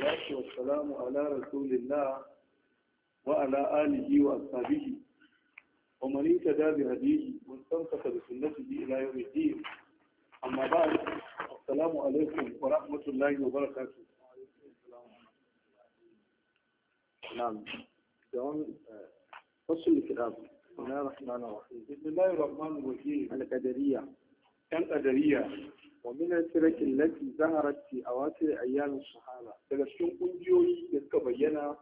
salatu wa salamu ala rasulillah wa ala alihi wa ashabihi wa man ittaba bi hadihi wa istamsaka bi sunnatihi ila yawm al-din amma ba'd assalamu alaikum wa rahmatullahi wa barakatuh نعم يوم فصل الكتاب بسم الله الرحمن الرحيم بسم الله الرحمن الرحيم القدرية القدرية ومن za التي ظهرت في أواخر أيام الصحابة daga cikin kungiyoyi da suka bayyana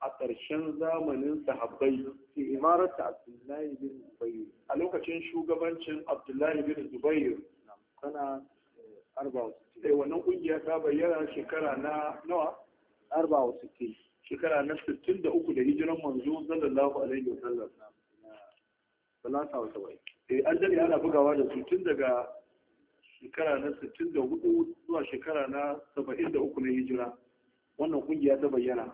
a ƙarshen zamanin sahabbai fi imarata Abdullahi bin Zubair a lokacin shugabancin Abdullahi bin Zubair kana 64 sai wannan kungiya ta bayyana shekara na nawa 64 shekara na 63 da hijiran manzo sallallahu alaihi wasallam 73 eh an dade ana bugawa da su tun daga shekara na 64 zuwa shekara na 73 na hijira wannan kungiya ta bayyana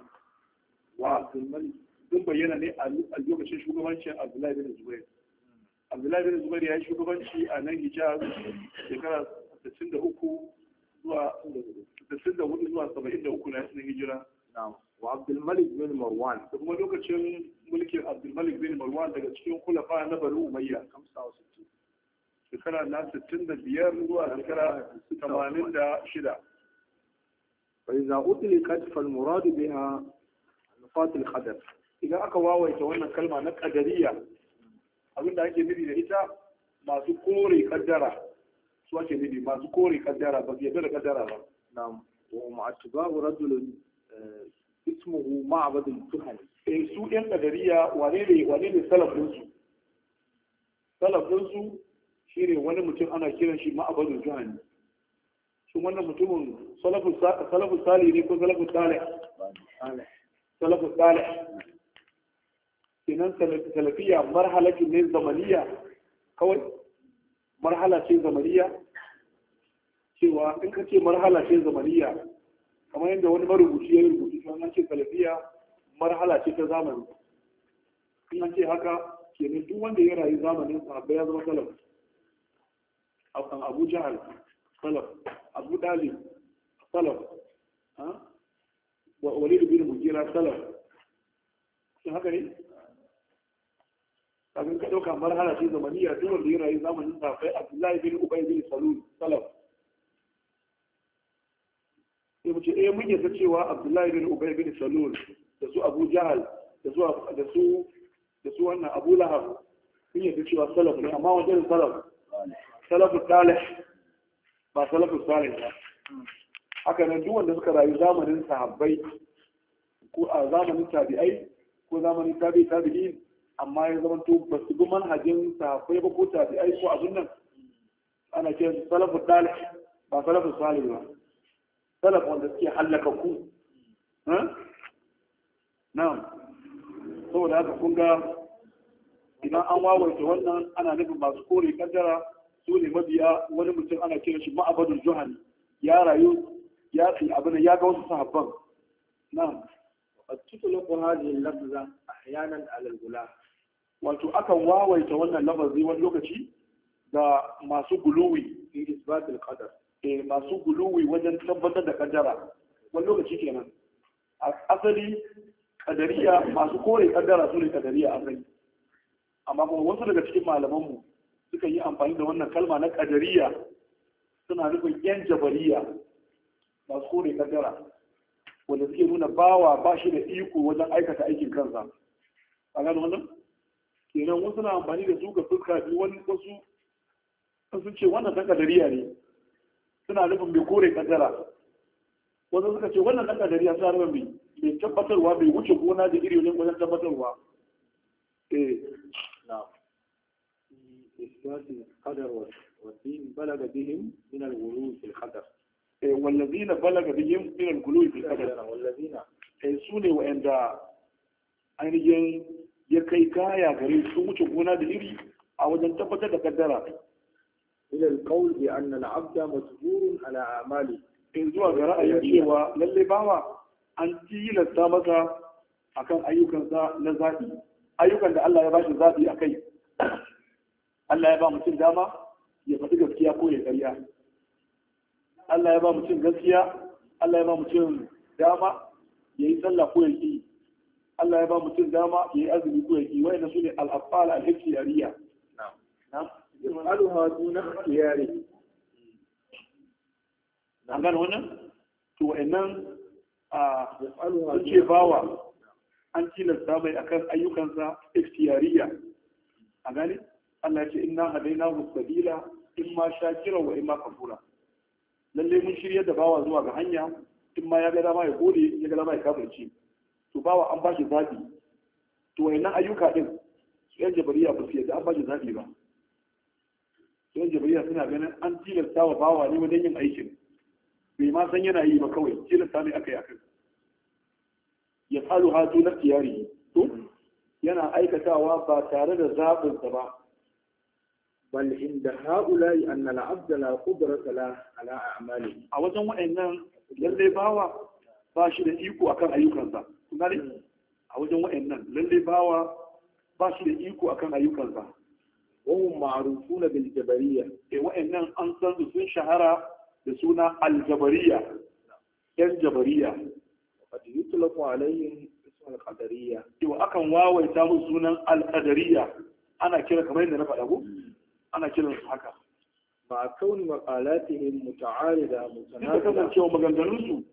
wa abdulmalik sun bayyana ne a lokacin shugabancin abdullahi bin zubair abdullahi bin zubair ya yi shugabanci a nan hijira shekara 63 zuwa 64 zuwa 73 na hijira wa abdulmalik bin marwan da kuma lokacin mulkin abdulmalik bin marwan daga cikin kulafa na bari umayya 65 شكرا ناس shekara na شكرا تمانين دا شدا فإذا أطلقت فالمراد بها نقاط الخدر إذا أكوا ويتوانا كلمة نك أجرية أقول لك نبي لإيتا ما ذكوري قدرة سواء نبي ما ذكوري قدرة بس يدر قدرة نعم ومع اتباع رجل اسمه معبد الكهن إيسو إن أجرية وليلي وليلي سلف نسو سلف نسو shi ne wani mutum ana kiran shi ma'abadun juhani shi wannan mutumin Salafu sali ne ko Salafu sali salafus sali sinan salafiya marhalacin ne zamaniya kawai marhala ce zamaniya cewa in ka ce marhala ce zamaniya kamar yadda wani marubuci ya rubuci shi an ce salafiya marhala ce ta zamani in an ce haka kenan duk wanda ya rayu zamanin sahabbai ya zama salafi abu أبو salaf abu أبو salaf wa walid bin mujira salaf shin haka ne kafin ka ɗauka marhala ce zamaniya duk da ya rayu zamanin safai abdullahi bin ubay bin salul salaf sai mace eh mun yasa cewa abdullahi bin ubay bin salul da su abu jahal da su da su da su wannan abu lahab mun yasa cewa salaf ne amma wajen salaf salafu salih ba salafu salih ba haka nan duk wanda suka rayu zamanin sahabbai ko a zamanin tabi'ai ko zamanin tabi'i tabi'i amma ya zama to ba su bi manhajin sahabbai ba ko tabi'ai ko abin nan ana ce salafu salih ba salafu salih ba salafu wanda suke hallaka ku na'am saboda haka kun ga idan an wawaita wannan ana nufin masu kore kaddara su ne mabiya wani mutum ana kira shi ma'abadul juhani ya rayu ya abin ya ga wasu sahabban na a cikin hadhihi lafza a ala al-gula wato akan wawaita wannan lafazi wani lokaci ga masu guluwi fi isbatil qadar eh masu guluwi wajen tabbatar da kaddara wani lokaci kenan asali kadariya masu kore kaddara su ne kadariya asali amma kuma wasu daga cikin malamanmu suka yi amfani da wannan kalma na kadariya suna nufin yan jabariya masu kore kadara wanda suke nuna bawa ba shi da iko wajen aikata aikin kansa a gano wannan kenan wasu na amfani da su ga fuska biyu wani wasu sun ce wannan dan kadariya ne suna nufin mai kore kadara wasu suka ce wannan dan kadariya suna nufin mai mai tabbatarwa mai wuce gona da iri wajen tabbatarwa eh na'am إثبات القدر والدين بلغ بهم من الغلو في القدر والذين بلغ بهم من الغلو في القدر والذين سوني وإن ainihin ya kai kaya gare su wuce gona da iri a wajen tabbatar da kaddara ila alqawl bi anna al-abda majburun ala amali in zuwa ga ra'ayin cewa lalle bawa an tilasta masa akan ayyukansa na zaɓi ayyukan da Allah ya bashi zafi a kai Allah ya ba mutum dama ya faɗi gaskiya ko ya ƙarya Allah ya ba mutum gaskiya Allah ya ba mutum dama ya yi sallah ko ya ƙi Allah ya ba mutum dama ya yi azumi ko ya ƙi wa'ina su ne al'afala al-hikiyariya al'aluha duna ikhtiyari an gane wannan to wa'annan a sun ce bawa an tilasta mai akan ayyukansa ikhtiyariya a gane Allah ce inna hadaina sabila in ma shakira wa in ma kafura lalle mun shirya da bawa zuwa ga hanya in ma ya ga dama ya gode ya ga dama ya kafirci to bawa an bashi zabi to wayannan ayyuka din su yan jabariya ba su yadda an bashi zabi ba su yan jabariya suna ganin an tilasta wa bawa ne wajen yin aikin bai ma san yana yi ba kawai tilasta ne aka yi akan ya falu hatu na tiyari to yana aikatawa ba tare da zaɓinsa ba bal inda haula'i anna al-abda la qudrata la ala a'mali a wajen wayannan lalle bawa ba shi da iko akan ayyukansa kuma ne hmm. a wajen wayannan lalle bawa ba shi da iko akan ayyukansa wa hum ma'rufuna bil jabariyya eh wayannan an san su sun shahara da suna al-jabariyya yan jabariyya qad yutlaqu alaihim al qadariyya eh akan wawaita musu sunan al-qadariyya ana kira kamar yadda na faɗa ko hmm. ana kiran su haka ma kauni da muta'arida da duk cewa maganganun su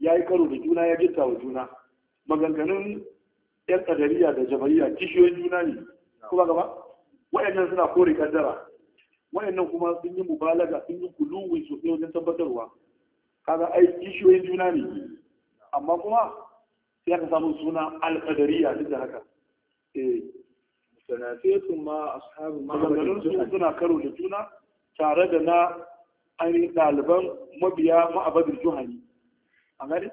yayi karo da juna ya gitta wa juna maganganun yan tsadariya da jabariya kishiyoyin juna ne kuma gaba wayannan suna kore kaddara wayannan kuma sun yi mubalaga sun yi kuluwi sosai wajen tabbatarwa kaga ai kishiyoyin juna ne amma kuma sai aka samu suna alkadariya duk da haka eh. tanafiyatun ma ashabu maganganun su suna karo da juna tare da na ainihin daliban mabiya ma'abadin juhani a gani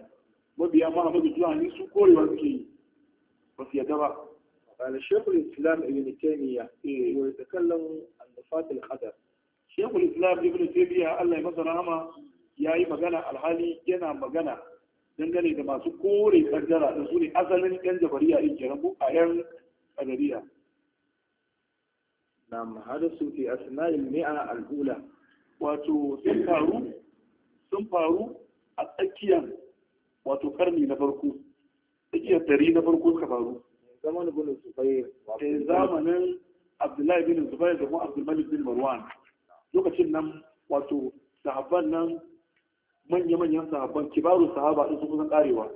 mabiya ma'abadin juhani su korewa suke yi ba su yadda ba قال شيخ الإسلام ابن تيمية ويتكلم عن نفاة القدر شيخ الإسلام ابن تيمية الله يمسر هما يا مغانا الحالي جنا مغانا dangane da masu kore kaddara da su ne asalin yan jabariya in kenan a yan kadariya nam hadasu fi asna'il ne a ula wato sun faru a tsakiyar wato karni na farko tsakiyar dari na farko suka faru zaman ibn zubair eh zamanin abdullahi bin zubair da kuma abdulmalik bin marwan lokacin nan wato sahabban nan manya-manyan sahabban kibaru sahaba din su kusan karewa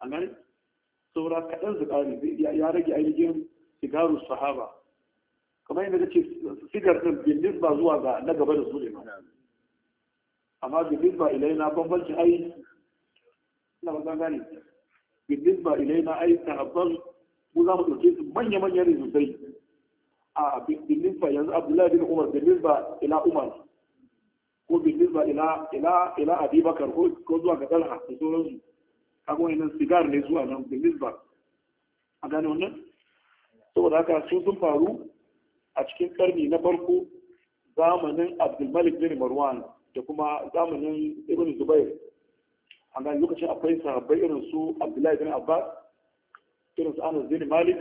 a nan saura kaɗan su kare ya rage ainihin kibaru sahaba kamar yadda kace sigar ɗin bilin ba zuwa ga na gaba da su ba amma bilin ba ilai na bambancin ai na ba gane bilin ba ilai na ai sahabban mu za mu ɗauke su manya manyan rizusai a bilin ba yanzu abdullahi bin umar bilin ba ila umar ko bilin ba ila ila ila abubakar ko zuwa ga talha da sauransu kaga wannan sigar ne zuwa nan bilin ba a gane wannan saboda haka su sun faru a cikin karni na farko zamanin abdulmalik bin marwan da kuma zamanin ibn zubair a ga lokacin akwai sahabbai irin su abdullahi bin abbas irin su anas bin malik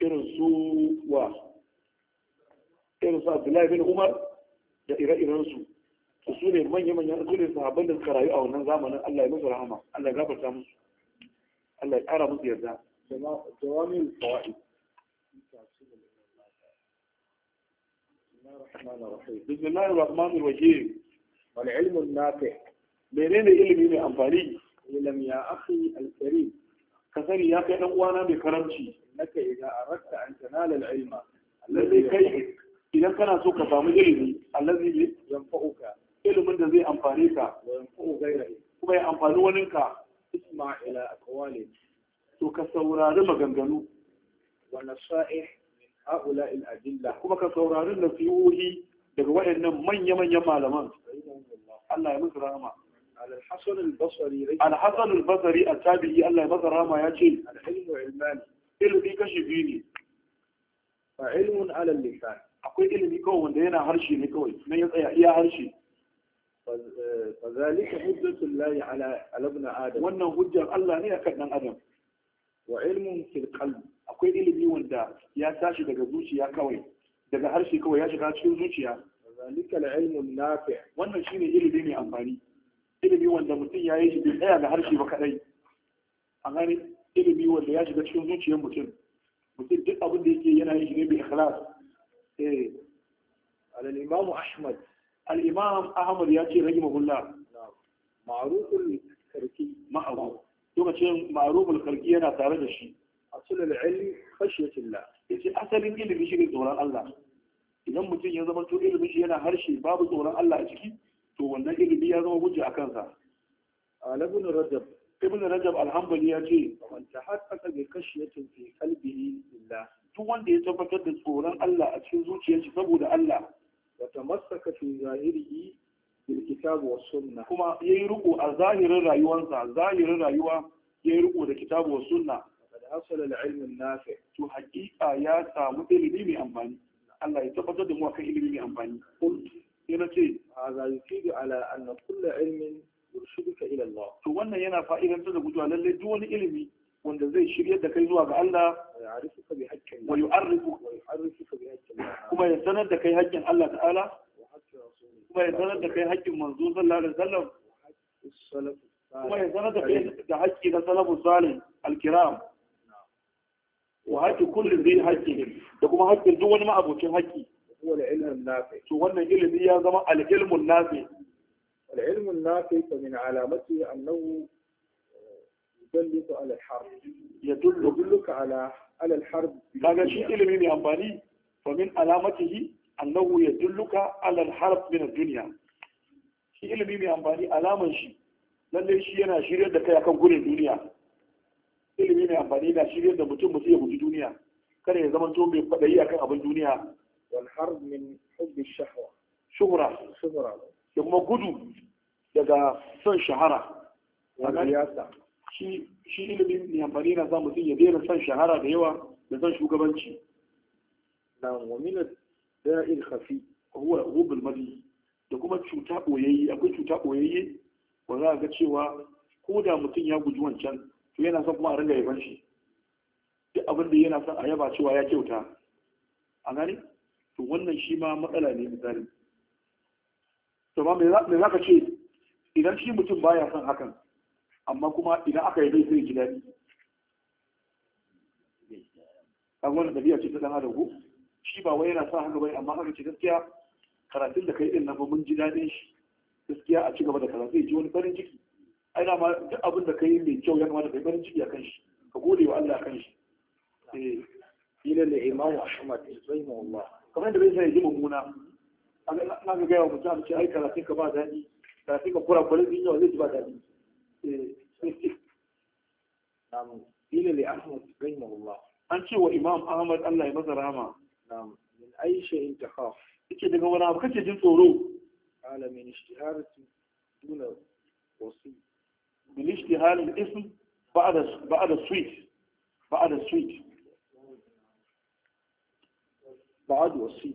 irin su wa irin su abdullahi bin umar da ire-iren su su ne manya-manyan su ne sahabban da suka rayu a wannan zamanin allah ya musu rahama allah ya gafarta musu allah ya kara musu yarda jawami fawaid bismillahir rahmanir rahim wal ilmu nafi menene ilimi mai amfani ilam ya akhi al karim ka sani ya kai ɗan uwana mai karamci naka idan kana so ka samu ilimi allazi yanfa'uka ilimin da zai amfane ka yanfa'u gairahi kuma ya amfani waninka isma ila aqwali to ka saurari maganganu wa هؤلاء الأدلة كما كسوران في دقوا إن من يمن يما لمن الله يمن رحمة على الحسن البصري على الحسن البصري التابعي الله يمن رحمة يا شيء العلم علمان إلو في كشفيني فعلم على اللسان أقول علم كو دينا هرشي نكوي نيز يا هرشي آه، فذلك حجة الله على ابن آدم وأنه حجة الله نيكتنا آدم وعلم في القلب akwai ilimi wanda ya tashi daga zuciya kawai daga harshe kawai ya shiga cikin zuciya zalikal ilmun nafi wannan shine ilimi mai amfani ilimi wanda mutum ya yi shi bai tsaya da harshe ba kadai a gane ilimi wanda ya shiga cikin zuciyar mutum mutum duk abin da yake yana yin shi ne bi ikhlas eh al-imam ahmad al-imam ahmad ya ce rahimahullah ma'ruful karki ma'ahu lokacin ma'ruful karki yana tare da shi أصل العلم خشية الله يجي أصل العلم يجي دوران الله idan mutum ya zama to ilimi shi yana harshe babu tsoron Allah a ciki to wannan ilimi ya zama hujja a kansa alabun rajab ibn rajab alhambali ya ce man tahaqqaqa bi kashiyatin fi qalbihi lillah duk wanda ya tabbatar da tsoron Allah a cikin zuciyarsa saboda Allah wa tamassaka fi zahirihi bil kitab was sunnah kuma yayi riko a zahirin rayuwarsa zahirin rayuwa yayi riko da kitabu was sunnah hasala al-ilm an-nafi to haqiqa ya samu ilimi mai amfani Allah ya tabbatar da mu akan ilimi mai amfani yana ce hadha yufidu ala anna kullu ilmin yurshiduka ila Allah to wannan yana fa'idantar da gudu lallai duk wani ilimi wanda zai shiryar da kai zuwa ga Allah wa yu'arrifuka bi kuma ya sanar da kai haƙƙin Allah ta'ala kuma ya sanar da kai haƙƙin manzo sallallahu alaihi wasallam kuma ya sanar da kai da haƙƙi na salafu salih al-kiram wa haƙƙi kullum zai haƙƙi da kuma haƙƙin duk wani ma'abocin haƙƙi wal ilmun nafi to wannan ilimi ya zama al ilmun nafi al ilmun nafi fa min alamati annahu eh, yadulluka ala al harb yadulluka ala ala al harb kaga shi ilimi mai amfani fa min alamatihi annahu yadulluka ala al harb min ad dunya shi ilimi mai amfani alaman shi lalle shi yana shirye da kai akan gurin duniya ilimi mai amfani na shirya da mutum mutum ya guji duniya kada ya zamanto mai a kan abin duniya walhar min hubbi shahwa shuhra shuhra da kuma gudu daga son shahara shi shi ilimi mai amfani na sa mutum ya daina son shahara da yawa da son shugabanci na wa min da'il khafi huwa hubul mali da kuma cuta boyayye akwai cuta boyayye ba za a ga cewa ko da mutum ya guji wancan yana son kuma a ringa yaban shi duk abin da yana son a yaba cewa ya kyauta a gani to wannan shi ma matsala ne misali to ma me za ka ce idan shi mutum baya son hakan amma kuma idan aka yi zai sai ji daɗi kan wannan ɗabi'a ce ta dan adam ko shi ba wai yana sa haka bai amma haka ce gaskiya karatun da kai din nan mun ji daɗin shi gaskiya a ci gaba da karatu ya ji wani farin ciki ai da ma duk abin da kai mai kyau ya kamata kai farin ciki akan shi ka gode wa Allah akan shi eh ila da imam Ahmad rahimahullah kamar da bai sai ji mummuna na ga gaya wa mutum ce ai karatun ka ba daɗi karatun ka kura kwarin din yau zai ji ba daɗi eh, na'am ila da Ahmad rahimahullah an ce wa imam Ahmad Allah ya masa rahama na'am min aisha in takhaf yake daga wani abu kace jin tsoro alamin ishtiharatin duna wasi min ijtihal al-ism ba'da ba'da suite ba'da suite ba'd wasi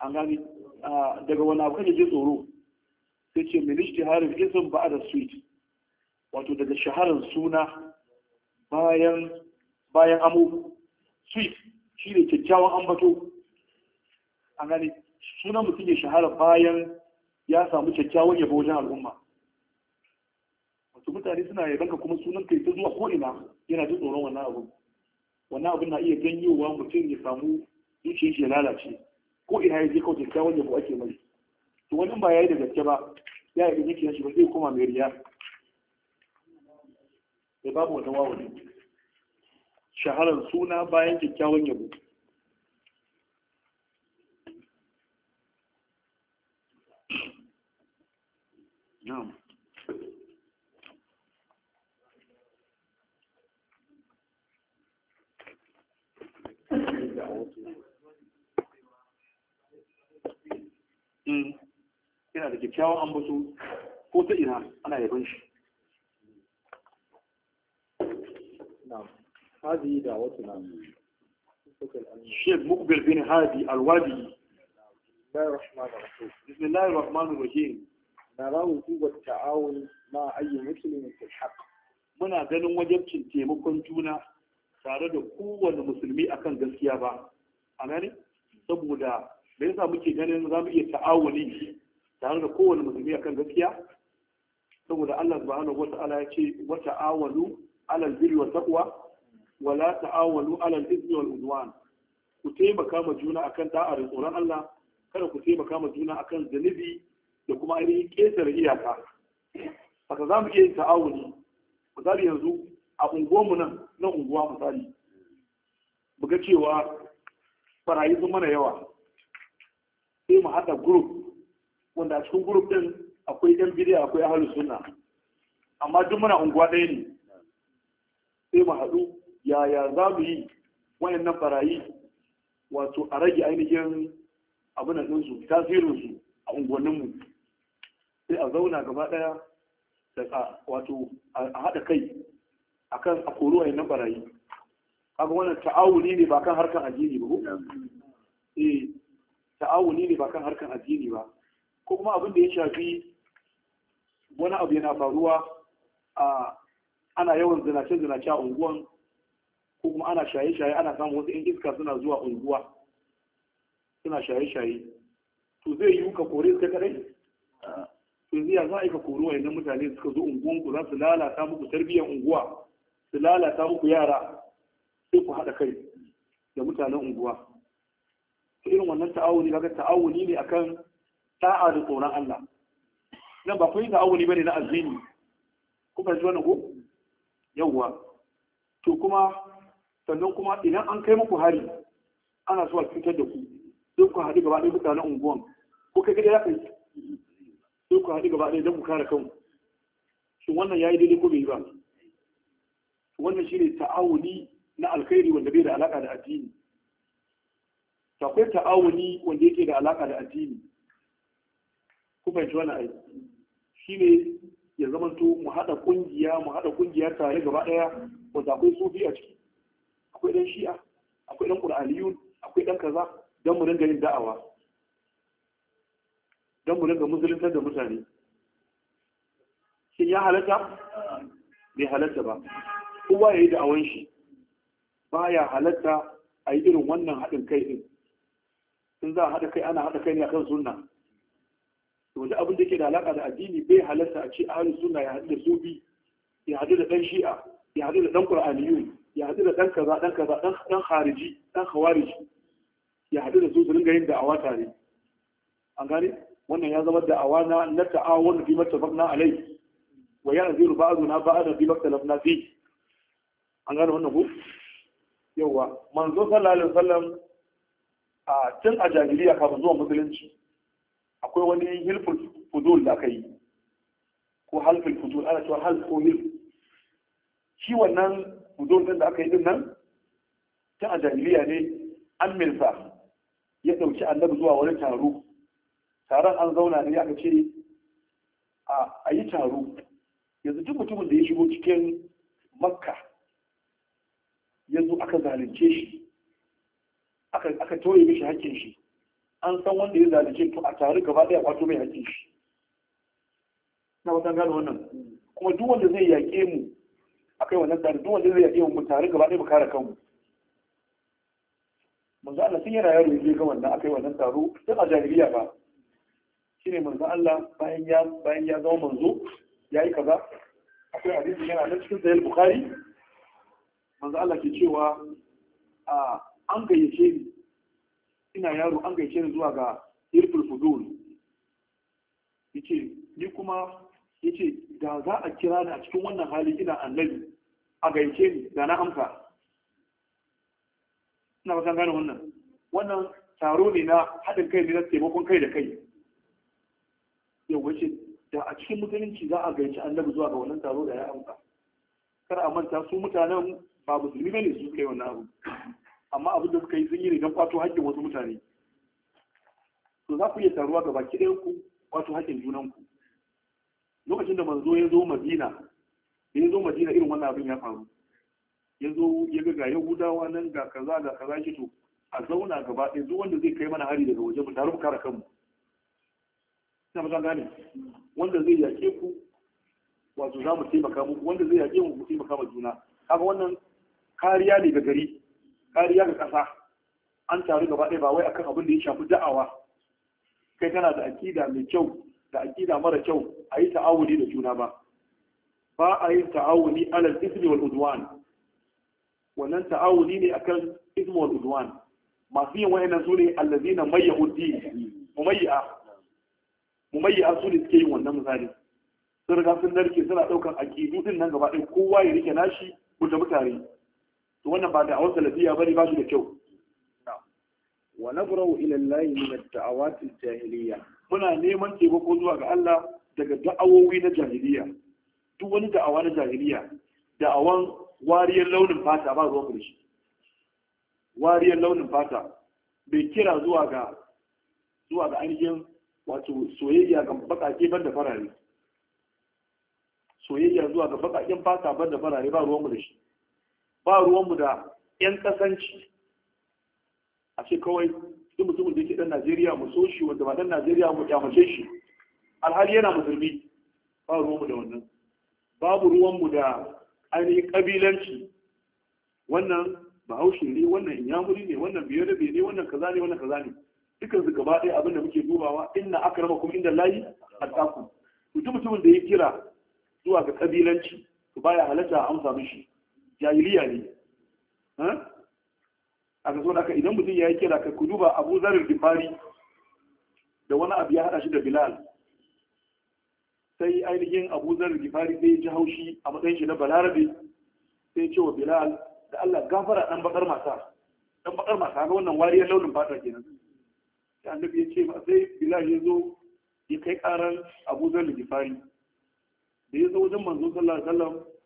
an gani daga wani abu kake ji tsoro sai ce min ijtihal al-ism ba'da suite wato daga shaharar suna bayan bayan amu suite shi ne kyakkyawan gani sunan mutum ya shahara bayan ya samu kyakkyawan yabo wajen al'umma su mutane suna yaban ka kuma sunan kai ta zuwa ko ina yana jin tsoron wannan abu wannan abin na iya janyowa mutum ya samu zuciyar shi ya lalace ko ina ya je kawai kyakkyawan ko ake mai to wani ba yayi da gaske ba ya yi zuciyar shi ba zai koma mai riya sai babu wata wawali shaharar suna bayan kyakkyawan yabo Na'am. kyakkyawan ambato ko ta ina ana yaban shi هذه مقبل بن هادي الوادي بسم الله بسم الله الرحمن الرحيم نرى وجوب التعاون مع أي مسلم في الحق muna ganin وجب taimakon juna tare da kowane musulmi akan gaskiya ba a gani saboda da yasa muke ganin za iya ta'awuni tare da kowane musulmi akan gaskiya saboda Allah subhanahu ta'ala ya ce wa ta'awalu alal birri wa taqwa wa la ta'awalu al ithmi wal udwan ku taimaka ma juna akan da'a da tsoron Allah kada ku taimaka ma juna akan zunubi da kuma ainihin ƙetare iyaka haka za mu iya yin ta'awuni misali yanzu a unguwarmu nan na unguwa misali buga cewa barayi sun mana yawa sai mu haɗa group wanda a cikin group din akwai yan bidiya akwai ahalu sunna amma duk muna unguwa ɗaya ne sai mu haɗu yaya za mu yi wayannan barayi wato a rage ainihin abin da ɗinsu tasirinsu a unguwanninmu sai a zauna gaba ɗaya da wato a haɗa kai akan a koro wayannan barayi kaga wannan ta'awuni ne ba kan harkan addini ba eh ta'awuni ne ba kan harkan addini ba ko kuma abin da ya shafi wani abu yana faruwa a ana yawan zinace-zinace a unguwan ko kuma ana shaye-shaye ana samun wasu yan iska suna zuwa unguwa suna shaye-shaye to zai yi ka kore suka kadai to yanzu ya za a yi ka kore wa yanzu mutane suka zo unguwan ku za su lalata muku tarbiyyar unguwa su lalata muku yara sai ku haɗa kai da mutanen unguwa irin wannan ta'awuni kaga ta'awuni ne akan Ta'a da tsoron Allah nan ba kun yi ta'awuli bane na azini ku fahimci wannan ku? yawwa to kuma sannan kuma idan an kai muku hari ana so a cutar da ku sai ku haɗu gaba ɗaya mutanen unguwan ku kai gida ɗaya sai ku haɗu gaba ɗaya don ku kare kanku shin wannan ya yi daidai ko bai yi ba wannan shi ne ta'awuni na alkhairi wanda bai da alaƙa da addini akwai ta'awuni wanda yake da alaƙa da addini ku ji wani aiki shi ne ya to mu haɗa ƙungiya mu haɗa ƙungiya tare gaba ɗaya da akwai sufi a ciki akwai ɗan shi'a akwai ɗan ƙur'aniyun akwai ɗan kaza don mu dinga yin da'awa don mu dinga musuluntar da mutane shin ya halatta bai halatta ba kowa ya yi da'awan shi baya halatta a yi irin wannan haɗin kai ɗin in za a haɗa kai ana haɗa kai ne akan sunna Wani abin da ke da alaka da addini bai halarta a ce ahalin suna ya haɗu da sufi ya haɗu da ɗan shi'a ya haɗu da ɗan ƙur'aniyun ya haɗu da ɗan kaza ɗan kaza ɗan hariji ɗan hawariji ya haɗu da su su ringa yin da'awa tare an gane wannan ya zama da'awa na na wanda bi bakna alai wa azuna ba ba'da bi lafna fi an gane wannan ko yawa manzo sallallahu alaihi wasallam a tun a jahiliya kafin zuwa musulunci akwai wani hilful fuzul da aka yi ko halful fuzul ana cewa hal ko mil shi wannan fuzul din da aka yi din nan ta a ne an mirza ya ɗauki annabi zuwa wani taro taron an zauna ne aka ce a yi taro yanzu duk mutumin da ya shigo cikin makka yanzu aka zalunce shi aka toye mishi hakkin shi an san wanda ya zalice to a tare gaba ɗaya kwato mai hakki. shi na wata gano wannan kuma duk wanda zai yaƙe mu a kai wannan tsari duk wanda zai yaƙe mu tare gaba ɗaya mu kare kanmu manzo Allah sun yana yaro yake ga wannan akai wannan taro tun a jahiliya ba shine manzo Allah bayan ya bayan ya zama manzo yayi kaza akwai hadisi yana nan cikin sahih bukhari manzo Allah ke cewa a ah, an gayyace ni ina yaro an gaice ni zuwa ga irful fudul yace ni kuma yace da za a kira ni a cikin wannan hali ina annabi a gaice ni da na amsa ina ba san gane wannan wannan taro ne na haɗin kai ne na taimakon kai da kai yawanci da a cikin musulunci za a gaici annabi zuwa ga wannan taro da ya amsa kar a manta su mutanen ba musulmi bane su kai wannan abu amma abin da suka yi sun yi ne don kwato haƙƙin wasu mutane to za ku iya taruwa ga baki ɗayan ku kwato haƙƙin junan ku lokacin da manzo ya zo madina ya zo madina irin wannan abin ya faru ya zo ya ga ga yahudawa nan ga kaza ga kaza shi to a zauna gaba ɗaya duk wanda zai kai mana hari daga waje mu taru mu kare kanmu ina ba gane wanda zai yaƙe ku wato za mu taimaka muku wanda zai yaƙe mu mu taimaka ma juna kaga wannan kariya ne ga gari kariya ga ƙasa an taru gaba ɗaya ba wai akan abin da ya shafi da'awa kai kana da akida mai kyau da akida mara kyau a yi ta'awuni da juna ba ba a yin ta'awuni alal ismi wal udwan wannan ta'awuni ne akan ismi wal udwan masu yin wayannan su ne allazina mayyahu din mumayya mumayya su ne suke yin wannan misali sun riga sun narke suna ɗaukar akidu din nan gaba ɗaya kowa ya rike nashi ku tafi tare to wannan ba da awon salafiya bane ba shi da kyau wa nabrau ila llahi min ad-da'awat al jahiliya muna neman taimako zuwa ga Allah daga da'awowi na jahiliya duk wani da'awa na jahiliya da'awan wariyar launin fata ba ruwan kurshi wariyar launin fata bai kira zuwa ga zuwa ga ainihin wato soyayya ga bakake ban da farare soyayya zuwa ga bakakin fata ban da farare ba ruwan shi. ba ruwanmu da 'yan kasanci a ce kawai duk mutumin da ke dan Najeriya mu so shi wanda ba dan Najeriya mu mace shi alhali yana musulmi ba ruwanmu da wannan babu ruwanmu da ainihin kabilanci wannan bahaushe ne wannan inyamuri ne wannan biyarabe ne wannan kaza ne wannan kaza ne dukkan su gaba ɗaya abin da muke dubawa inna akramakum inda layi alqakum mutum mutumin da ya kira zuwa ga kabilanci to baya halatta a amsa mishi jahiliya ne a ka so da idan mutum ya yi kira ka ku duba abu zarar gifari da wani abu ya haɗa shi da bilal sai ainihin abu zarar gifari sai ji haushi a matsayin shi na balarabe sai ce wa bilal da allah gafara ɗan bakar mata ɗan bakar mata ga wannan wariyar launin fata kenan sai annabi ya ce sai bilal ya zo ya kai karan abu zarar gifari da ya zo wajen manzo sallallahu alaihi wasallam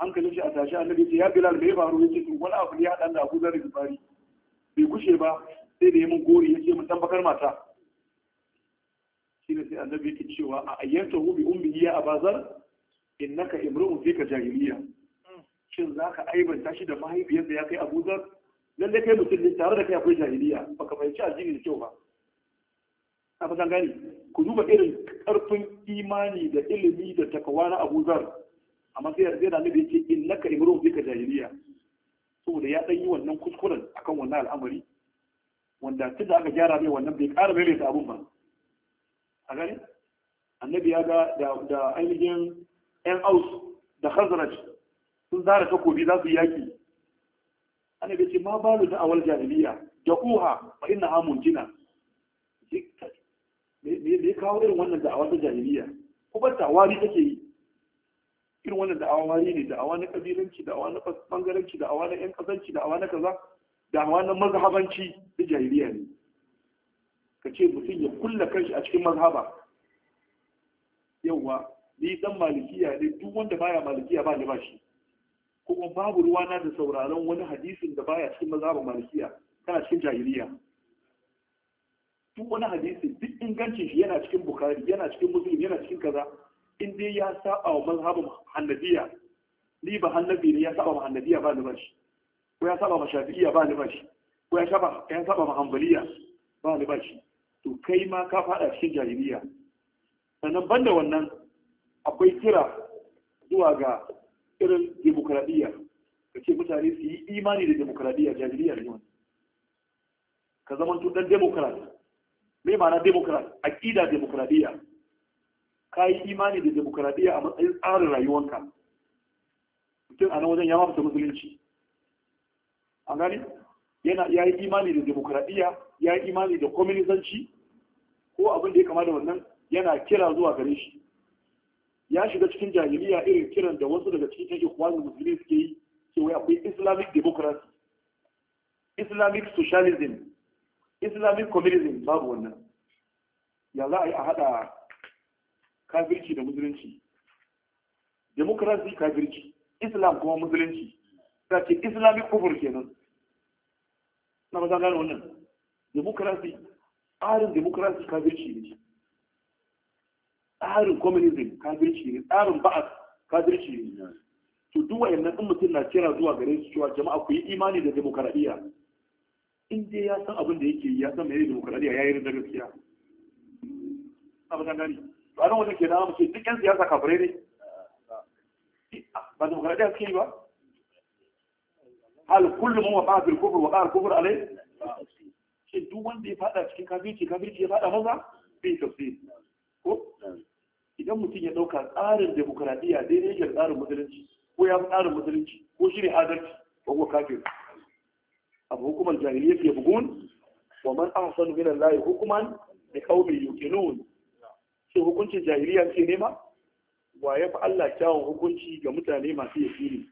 hankalin shi a tashi annabi ce ya bilal me faru yace to wani abu ne ya dan da Abu Dharr Ghifari bai kushe ba sai da ya mun gori ce mun tambakar mata shine sai annabi yake cewa a ayyanta hu bi Bazar, ya abazar innaka imru'un ka jahiliya shin zaka aibanta shi da mahaifiyarsa ya kai Abu Dharr lalle kai mutum ne tare da kai akwai jahiliya baka fahimci addini da kyau ba a fasan gani ku duba irin karfin imani da ilimi da takawa na Abu Dharr amma sai yanzu yana nabi ce in naka imru bika jahiliya saboda ya dan yi wannan kuskuren akan wannan al'amari wanda tun da aka gyara mai wannan bai ƙara mai da abun ba a gani annabi ya ga da ainihin yan aus da khazraj sun zara takobi za su yi yaki annabi ce ma balu da awal jahiliya da uha fa inna amun jina me ya kawo irin wannan da awal jahiliya ko ba ta wari take yi irin wannan da'awa wari ne da'awa na kabilanci da'awa na bangaranci da'awa na yan kasanci da'awa na kaza da'awa na mazhabanci da jahiliya ne ka ce mutum ya kulla kanshi a cikin mazhaba yauwa ni dan malikiya ne duk wanda baya malikiya ba ne ba shi kuma babu ruwa na da sauraron wani hadisin da baya cikin mazhaban malikiya kana cikin jahiliya duk wani hadisi duk ingancin shi yana cikin bukari yana cikin muslim yana cikin kaza in dai ya saba wa mazhabin hannabiya ni ba hannabi ne ya saba ma hannabiya ba ni bashi ko ya saba ma shafi'iya ba ni bashi ko ya saba ya saba ma hanbaliya ba ni bashi to kai ma ka fada cikin jahiliya sannan banda wannan akwai kira zuwa ga irin demokradiyya kace ce mutane su yi imani da demokradiyya jahiliya ne wannan ka zama dan demokrat me ma'ana demokrat aqida demokradiyya ka yi imani da demokuraɗiyya a matsayin tsarin rayuwanka mutum a nan wajen ya mafata musulunci a gani yana ya yi imani da demokuraɗiyya ya yi imani da kwaminisanci ko abin da ya kama da wannan yana kira zuwa gare shi ya shiga cikin jahiliya irin kiran da wasu daga cikin yan ikwanin musulmi suke yi ke wai akwai islamic democracy islamic socialism islamic communism babu wannan ya za a yi a haɗa kafirci da musulunci demokrasi kafirci islam kuma musulunci ta ce islamic kufur kenan na ba za wannan demokrasi tsarin demokrasi kafirci ne tsarin communism kafirci ne tsarin ba'a kafirci ne to duwa wayannan in mutum na kira zuwa gare su cewa jama'a ku yi imani da demokradiyya in dai ya san abin da yake ya san mai demokradiyya ya yi da gaskiya na ba gani. to anan wajen kenan da ce duk yan siyasa kafirai ne ba demokradiya suke yi ba hal kullum wa ba bil kufr wa qal kufr alai shi duk wanda ya fada cikin kafirci kafirci ya fada masa bai tafsir ko idan mutum ya dauka tsarin demokradiya daidai da tsarin musulunci ko ya fi tsarin musulunci ko shi ne adalci ko kuma kafir abu hukumar jahiliya ke bugun wa man ahsanu min allahi hukuman da qaumi yuqinun ce hukuncin jahiliya ce nema wa ya fi Allah kyawun hukunci ga mutane masu yakini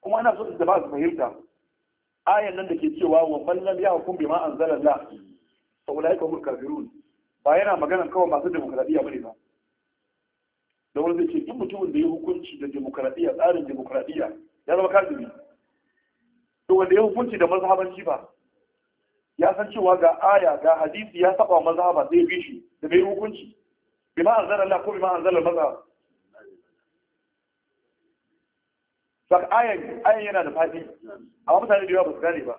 kuma ana so da ba su fahimta ayan nan da ke cewa wa man ya yahkum bima anzalalla fa ulaika humul kafirun ba yana magana kawai masu demokradiya bane ba da wani zai ce duk mutumin da ya hukunci da demokradiya tsarin demokradiya ya zama kafiri to wanda ya hukunci da mazhabanci ba ya san cewa ga aya ga hadisi ya saba mazhaba zai bishi da bai hukunci bima anzala Allah ko bima anzala al-mazhab sak da fadi amma mutane da ba su gane ba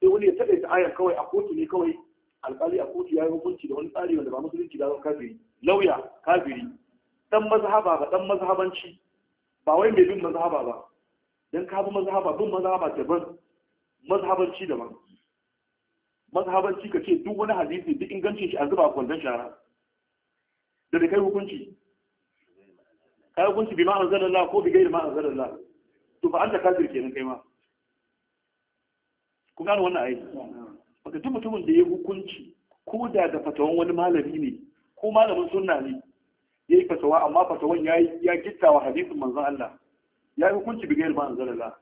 sai wani ya taɓa ta ayan kawai a kotu ne kawai alƙali a kotu ya yi hukunci da wani tsari wanda ba musulunci da zama kafiri lauya kafiri dan mazhaba ba ba wai mai bin mazhaba ba dan ka bi mazhaba bin mazhaba daban mazhabanci daban mazhabanci ka ce duk wani hadisi duk ingancin shi a zuba kwandon shara da da kai hukunci kai hukunci bi ma Allah ko bi gairi ma Allah to fa anta kafir kenan kai ma ku gano wannan ayi baka duk mutumin da ya hukunci ko da da fatawan wani malami ne ko malamin sunna ne yayi fatawa amma fatawan yayi ya gittawa hadisin manzon Allah yayi hukunci bi gairi Allah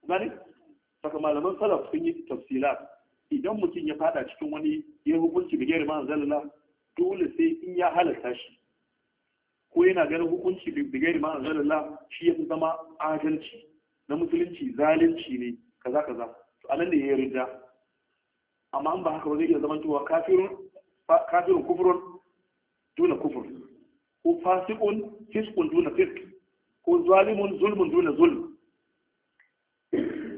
ku gani saka malaman salaf sun yi tafsilat idan mutum ya fada cikin wani ya hukunci bi gairi manzon Allah dole sai in ya halarta shi ko yana ganin hukunci bibdigai ma anzalallah shi ya zama adalci na musulunci zalunci ne kaza kaza to anan ne ya rida amma an ba haka ba zai iya zama cewa kafirun kafirun duna kufur ko fasikun fiskun duna fisk, ko zalimun zulmun duna zulm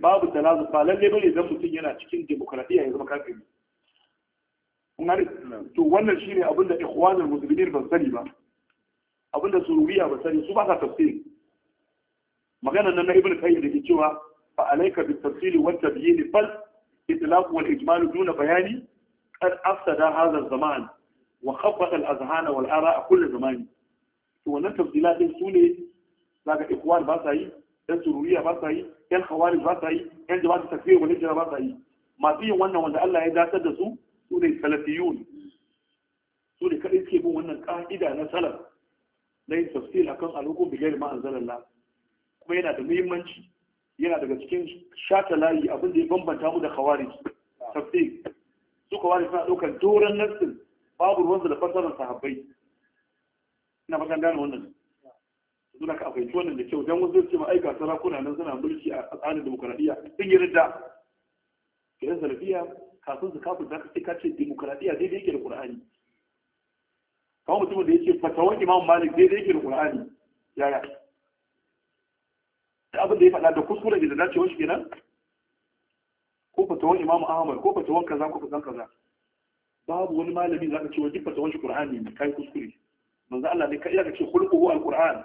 babu talazu ba lalle bane idan mutum yana cikin demokradiya ya zama kafiri to wannan shine abinda ikhwanul muslimin ban sani ba abinda sururiya ba sani su ba sa tafsiri maganar nan na ibn kayyim da ke cewa fa alayka bit tafsiri wat tabyin bal itlaq wal ijmal duna bayani qad afsada hadha az-zaman wa khabbata al-azhana wal ara'a kull zamani to wannan tafsilat din sune zaka ikhwan ba sa yi yan sururiya ba sa yi yan khawarij ba sa yi yan jama'a tafsir wal hijra ba sa yi masu yin wannan wanda Allah ya dace da su sune salafiyun sune kadai suke bin wannan ƙa'ida na salaf na yin tafsir akan alhukum bi ghairi ma anzalallah kuma yana da muhimmanci yana daga cikin shata layi abin da ya bambanta mu da khawarij tafsir su khawarij suna ɗaukar doran nassin babu ruwan da fasarar sahabbai ina fatan gane wannan suna ka afaici wannan da kyau don wasu ce ma'aika sarakuna nan suna mulki a tsarin demokuraɗiyya sun yi ridda. ke yan salafiya kasu su kafin da ka ce demokradiya daidai yake da qur'ani kawai mutumin da yake fatawan imam malik daidai yake da qur'ani yaya da abin da ya faɗa da kuskure da dacewa shi kenan ko fatawan imam ahmad ko fatawan kaza ko fatawan kaza babu wani malami zaka ce wani fatawan shi qur'ani ne kai kuskure manzo Allah ne kai zaka ce khulquhu alquran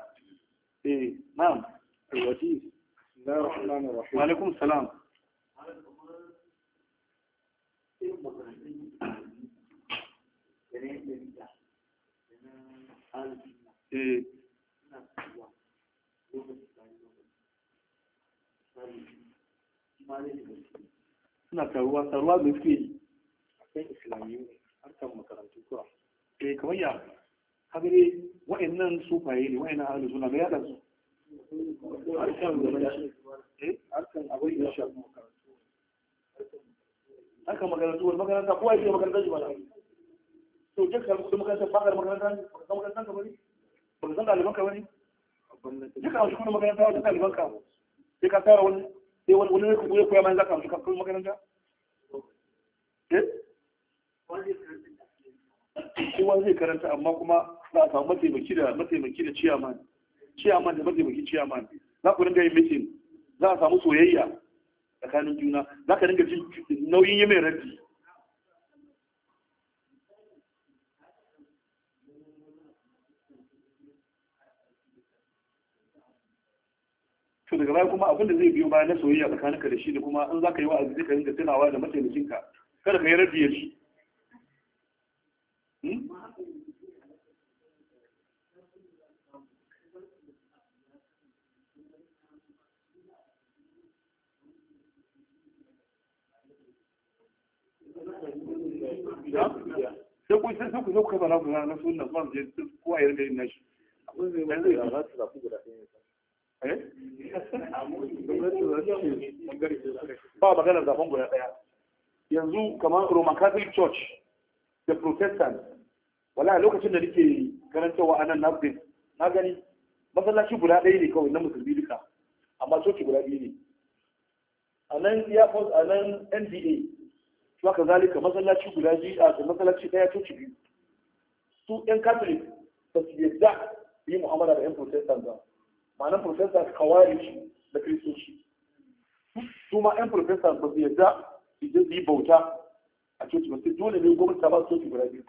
eh na'am alwajib بسم الله الرحمن الرحيم وعليكم السلام irin makarantun da na yadda eh. suna kasuwa lokaci da suke yi akwai islamiyu harkar makarantu kura eh kamar ya kabire wa'annan sufaye ne wa'annan ahalu suna mai yaɗa su eh? harkar abin da ya makarantu haka makarantu wani makaranta kowa yake makaranta shi mana to je ka rubuta makaranta ba ka makaranta ba ka makaranta ka bane ba ka san ɗaliban ka bane duka a cikin makaranta wata ɗaliban ka sai ka tsara wani sai wani wani ku ya koya bayan za ka amshi kakkan makaranta eh? kowa zai karanta amma kuma za a samu mataimaki da mataimaki da ciyaman ciyaman da mataimaki ciyaman za ku dinga yin mitin za a samu soyayya tsakanin juna za ka dinga jin nauyin yi mai raddi to daga baya kuma abin da zai biyo baya na soyayya tsakaninka da shi da kuma in za ka yi wa'azi zai ka dinga tunawa da mataimakinka kada ka yi raddi ya shi sai kun sai ku zo ku na sunna eh? ba je ko a yanzu kamar roman catholic church da protestant wala lokacin da nake karantarwa a nan na na gani masallaci guda ɗaya ne kawai na musulmi duka amma coci guda biyu ne a nan ya a nan nda to zalika masallaci guda biyu a da masallaci daya coci biyu su yan catholic ba su yadda yi mu'amala da yan protestant ba ma'anar protestant kawai shi da kiristoci su ma yan protestant ba su yadda da je su yi bauta a coci ba sai dole ne gwamnati ta ba su coci guda biyu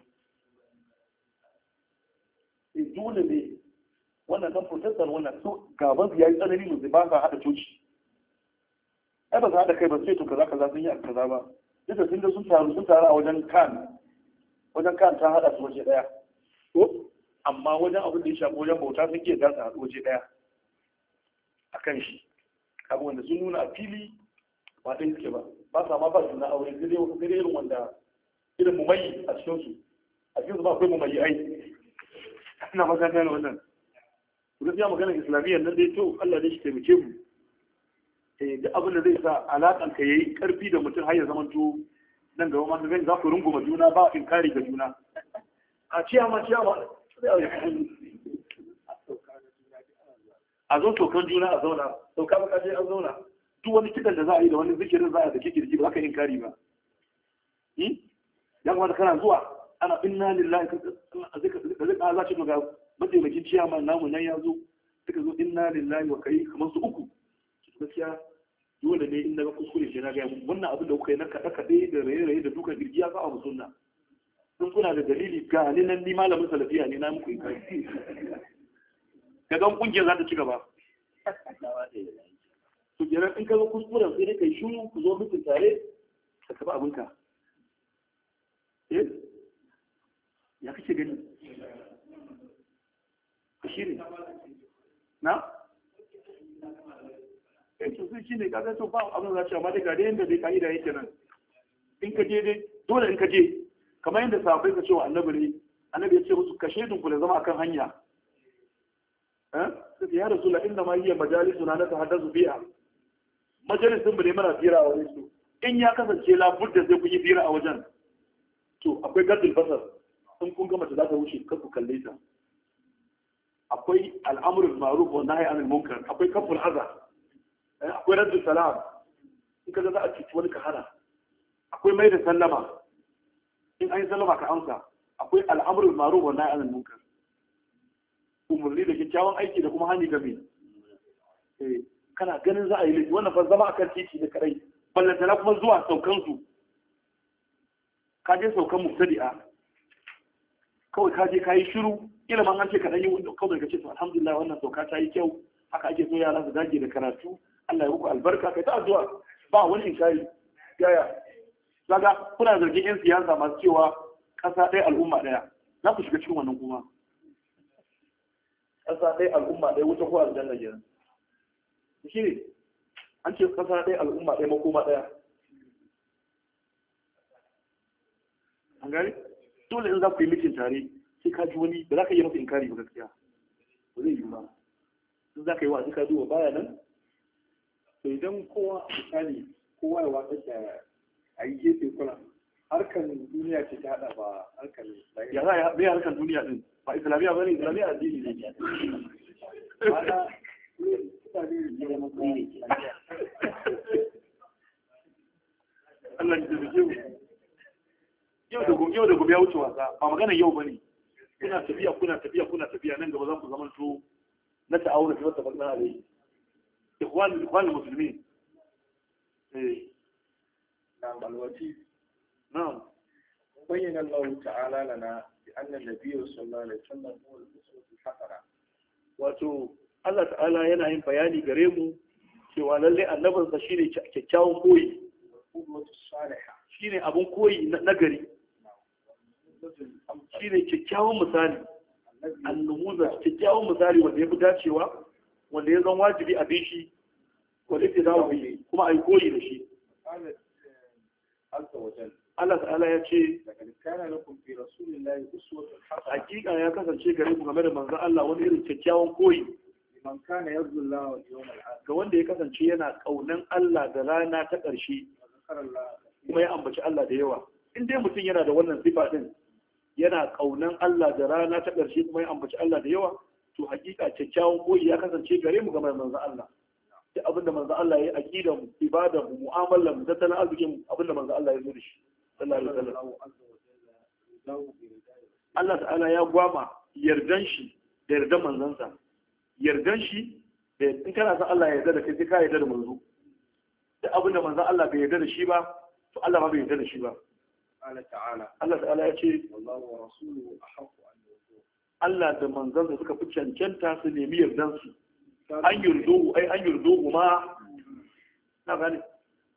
sai dole ne wannan dan protestant wannan su gaban su yayi tsanani mu ba su hada coci ai ba za haɗa kai ba sai to kaza kaza sun yi kaza ba duka sun da sun taru sun taru a wajen kan wajen kan ta hada su waje daya ko amma wajen abin da ya shafi wajen bauta sun ke za hadu waje daya a kan shi abu wanda sun nuna a fili ba yi suke ba ba sa ma ba su na aure sai dai irin wanda irin mumayi a cikinsu a cikinsu ba akwai mumayi ai ina magana ne wannan gaskiya maganar islamiyya nan dai to Allah ne shi taimake mu Eh, da abin da zai sa alaƙan ka yayi karfi da mutum har ya zama to nan gaba ma zai za ku runguma juna ba in kare ga juna a ciya ma ciya ma a zo tokan juna a zauna sauka ba kaje an zauna duk wani kidan da za a yi da wani zikirin za a hmm? da kike ba ka in kare ba ya kuma kana zuwa ana inna lillahi da zai ƙara zaci ga mataimakin ma namu nan ya zo suka zo inna lillahi wa kai kamar su uku gaskiya dole ne in daga kuskure shi na gaya wannan abin da kuka yi na kaɗe-kaɗe da raye-raye da duka girgi ya saba sunna sun kuna da dalili ga ni nan ni malamin salafiya ne na muku yi kai ka ga kungiyar za ta ci gaba to kenan in ka ga kuskuren sai dai kai shuru ku zo mutum tare ka taɓa abinka eh ya kake gani shi ne na eh sun sai shine ka ba abin da amma dai dai yanda kaida yake nan in ka je dai dole in ka je kamar yadda sabai ka ce wa annabi ne annabi ya ce musu kashe dinku da zama akan hanya eh, sai ya rasu la'in da ma yi majalisu na nasa haddasa biya majalisun bane ne mana fira a wajen su in ya kasance labur da zai yi fira a wajen to akwai gadin fasar in kun gama ta za ta wuce ka kalle ta akwai al'amurin maruf wa nahi anil munkar akwai kafin azar Eh, akwai raddu salam in ka za a cuci wani kahara akwai mai da sallama in an yi sallama ka amsa akwai al'amur maru wa nahy anil munkar umarni da kyakkyawan aiki da kuma hannu gami eh, kana ganin za a yi laifi wannan fa zama akan titi da kadai na kuma zuwa saukan su ka je saukan mubtadi'a kawai ka je ka yi shiru ilimin an ce ka dan yi kawai ka ce to alhamdulillah wannan sauka ta yi kyau haka ake so yara su dage da karatu Allah ya muku albarka kai ta addu'a ba wani inkari yaya daga kuna zargin yan siyasa masu cewa ƙasa ɗaya al'umma ɗaya za ku shiga cikin wannan kuma ƙasa ɗaya al'umma ɗaya wuta ko aljanna kenan shi ne an ce ƙasa ɗaya al'umma ɗaya makoma ɗaya an gani dole in za ku yi mitin tare sai ka ji wani ba za ka yi masa inkari ba gaskiya ba zai yi ba in za ka yi wa sai ka duba baya nan sai idan kowa a misali kowa ya watsa da a yi gefe kuna harkar duniya ce ta hada ba harkar ya za a yi harkar duniya din ba islamiyya ba ne islamiyya addini ne Allah ya tafi yau yau da gobe yau da gobe ya wuce wasa ba magana yau bane kuna tafiya kuna tafiya kuna tafiya nan gaba za ku zama to na ta'awuna fi wata bakna alai ikhwan ikhwan muslimin eh na'am alwati na'am Allah ta'ala lana bi anna nabiyyu sallallahu alaihi wasallam huwa al-uswatu wato Allah ta'ala yana yin bayani gare mu cewa lalle annabinsa shine kyakkyawan koyi shine abun koyi na gari shine kyakkyawan misali annumuza kyakkyawan misali wanda ya fi dacewa wanda ya zan wajibi a bishi wanda ke dawo biyu kuma a yi koyi da shi Allah ta'ala ya ce hakika ya kasance gare mu game da manzan Allah wani irin kyakkyawan koyi ga wanda ya kasance yana kaunan Allah da rana ta ƙarshe kuma ya ambaci Allah da yawa in dai mutum yana da wannan sifa din yana kaunan Allah da rana ta ƙarshe kuma ya ambaci Allah da yawa to hakika kyakkyawan koyi ya kasance gare mu game da manzon Allah duk abin da manzon Allah ya yi aqidar mu ibadar mu mu'amalar mu tattalin arzikin mu abin da manzon Allah ya zo da shi sallallahu alaihi wasallam Allah ta'ala ya gwama yardan shi da yardan manzansa yardan shi da in kana san Allah ya yarda da kai sai ka yarda da manzo Da abin da manzon Allah bai yarda da shi ba to Allah ba bai yarda da shi ba Allah ta'ala Allah ta'ala ya ce wallahu wa rasuluhu ahqqu Allah da manzansa suka fi cancanta su nemi yardansu an yurdohu ai an yurdohu ma na gane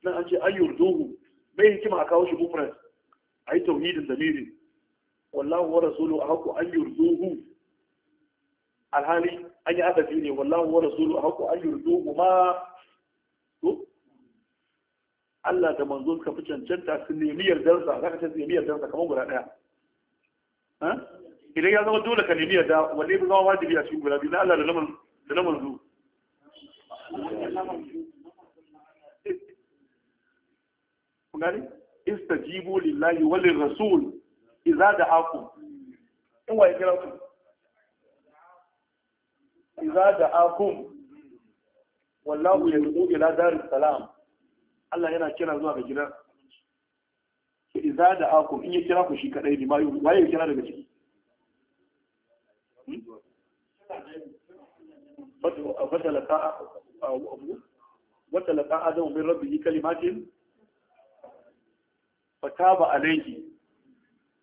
nan an ce an yurdohu bai hikima a kawo shi mufrad ai tauhidin damirin wallahu wa rasulu a haku an yurdohu alhali an yi adafi ne wallahu wa rasulu a haku an yurdohu ma to Allah da manzo suka fi cancanta su nemi yardansa ka ce su nemi yardansa kamar guda daya idan ya zama dole ka nemi yadda wanne ya zama wajibi a cikin guda biyu na Allah da na manzu gani gani jibo lillahi walil rasul da da'akum in wa kira ku da da'akum wallahu ya yad'u ila daris salam Allah yana kira zuwa ga gidan da da'akum in ya kira ku shi kadai ne ma waye ya kira daga ciki wata laka adamu min rabbi yi kalimatin fata ba alaihi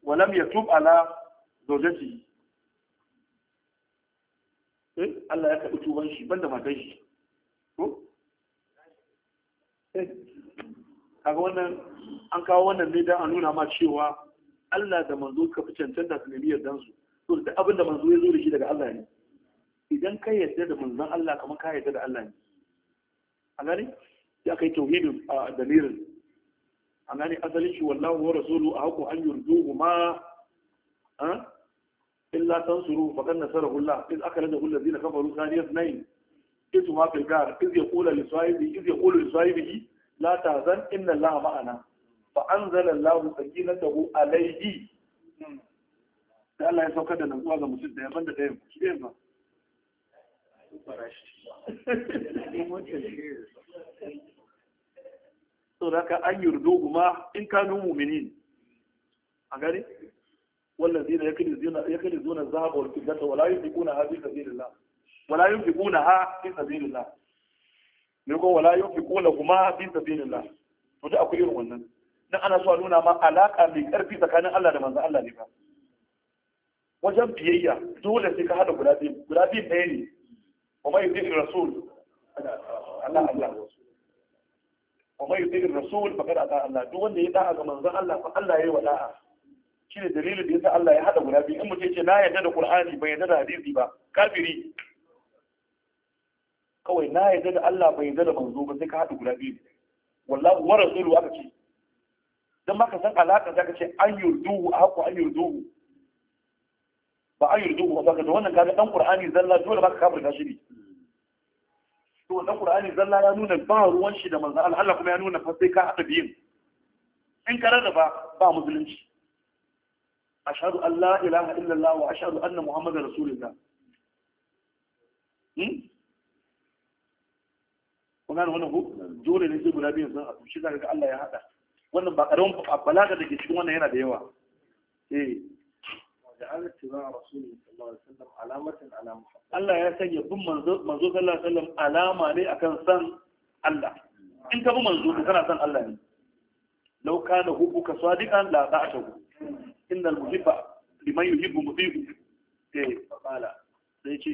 walam ya tub ala zaujati eh Allah ya karɓi tuban shi banda matan shi ko eh, kaga wannan an kawo wannan ne don a nuna ma cewa Allah da manzo ka fi cancanta su nemi yardan su to duk abin da manzo ya zo da shi daga Allah ne idan ka yadda da manzon Allah kamar ka yadda da Allah ne a gani ya kai tauhidin a dalilin a gani asalin shi wallahu wa rasulu a haku an yurduhu ma illa tansuru faqad nasarahu Allah iz kullu alladhina kafaru thaniyat nayn kitu ma fil gar iz yaqulu li sahibi iz yaqulu li sahibi la tazan inna Allah ma'ana fa anzala Allah sakinatahu alayhi sai Allah ya saukar da nutsuwa ga mutum da yaban da ɗayan shi ɗayan ba so da ka an yurdo kuma in kanu mumini a gari zina ya kiri zuna zaba wal fiddata wala yunfiquna ha fi sabilillah wala yunfiquna ha fi sabilillah ne ko wala yunfiquna kuma fi sabilillah to da akwai irin wannan dan ana so a nuna ma alaka mai karfi tsakanin Allah da manzon Allah ne ba wajen biyayya dole sai ka haɗa guda biyu guda biyu ɗaya ne wa mai yuɗin rasul Allah Allah wa mai yuɗin rasul bakar a Allah duk wanda ya ɗa'a ga manzan Allah ko Allah ya yi wa da'a shi ne dalilin da yasa Allah ya haɗa guda biyu in mutum ce na yarda da Kur'ani, bai yarda da hadisi ba kafiri kawai na yarda da Allah bai yarda da manzo ba sai ka haɗa guda biyu wallahu wa rasulu aka ce dan maka san alaka zaka ce an yurduhu haqqu an yurduhu ba a duhu, ba saka da wannan kaga dan qur'ani zalla dole baka kafirta shi ne to wannan qur'ani zalla ya nuna ba ruwan shi da manzo Allah kuma ya nuna fa sai ka hada biyin in ka rarraba ba musulunci ashhadu an la ilaha illallah wa ashhadu anna muhammadar rasulullah hmm? kun gane wannan ko dole ne sai guda biyan sun a shi zaka Allah ya haɗa wannan ba karamin balaga da ke cikin wannan yana da yawa eh ja'ala tiba rasulullahi sallallahu alaihi wasallam alamatan ala muhammad Allah ya sanya bin manzo manzo sallallahu alaihi wasallam alama ne akan san Allah in ka bi manzo ka kana san Allah ne law kana hubbuka sadiqan la ta'tahu innal muhibba liman yuhibbu muti'u eh fala sai ce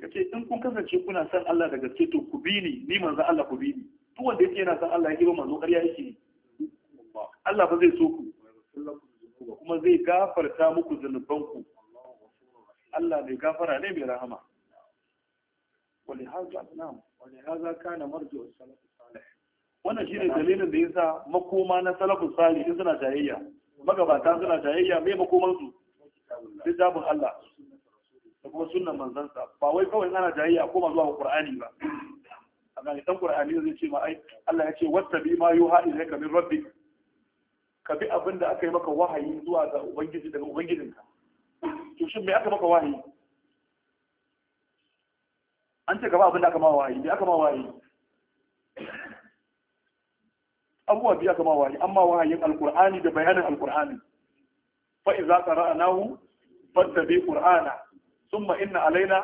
kace in kun kasance kuna san Allah da gaske to ku bi ni ni manzo Allah ku bi ni duk wanda yake yana san Allah yake ba manzo ƙarya yake Allah ba zai so ku kuma zai gafarta muku zunubanku Allah mai gafara ne mai rahama Wani نعم ولهذا na مرجع السلف الصالح wannan ne dalilin da yasa makoma na salafus salih suna jayayya magabata suna jayayya mai makoman su littafin Allah da kuma sunnan manzon sa ba wai kawai ana jayayya ko ma zuwa Qur'ani ba A amma dan Qur'ani zai ce ma ai Allah ya ce wattabi ma yuha ilayka min rabbik ka bi abin da aka yi maka wahayi zuwa ga ubangiji daga ubangijinka to shin me aka maka wahayi an ce gaba abin da aka ma wahayi me aka ma wahayi abubuwa biya aka ma wahayi amma wahayin alkur'ani da bayanin alkur'ani fa idza qara'nahu fattabi qur'ana thumma inna alaina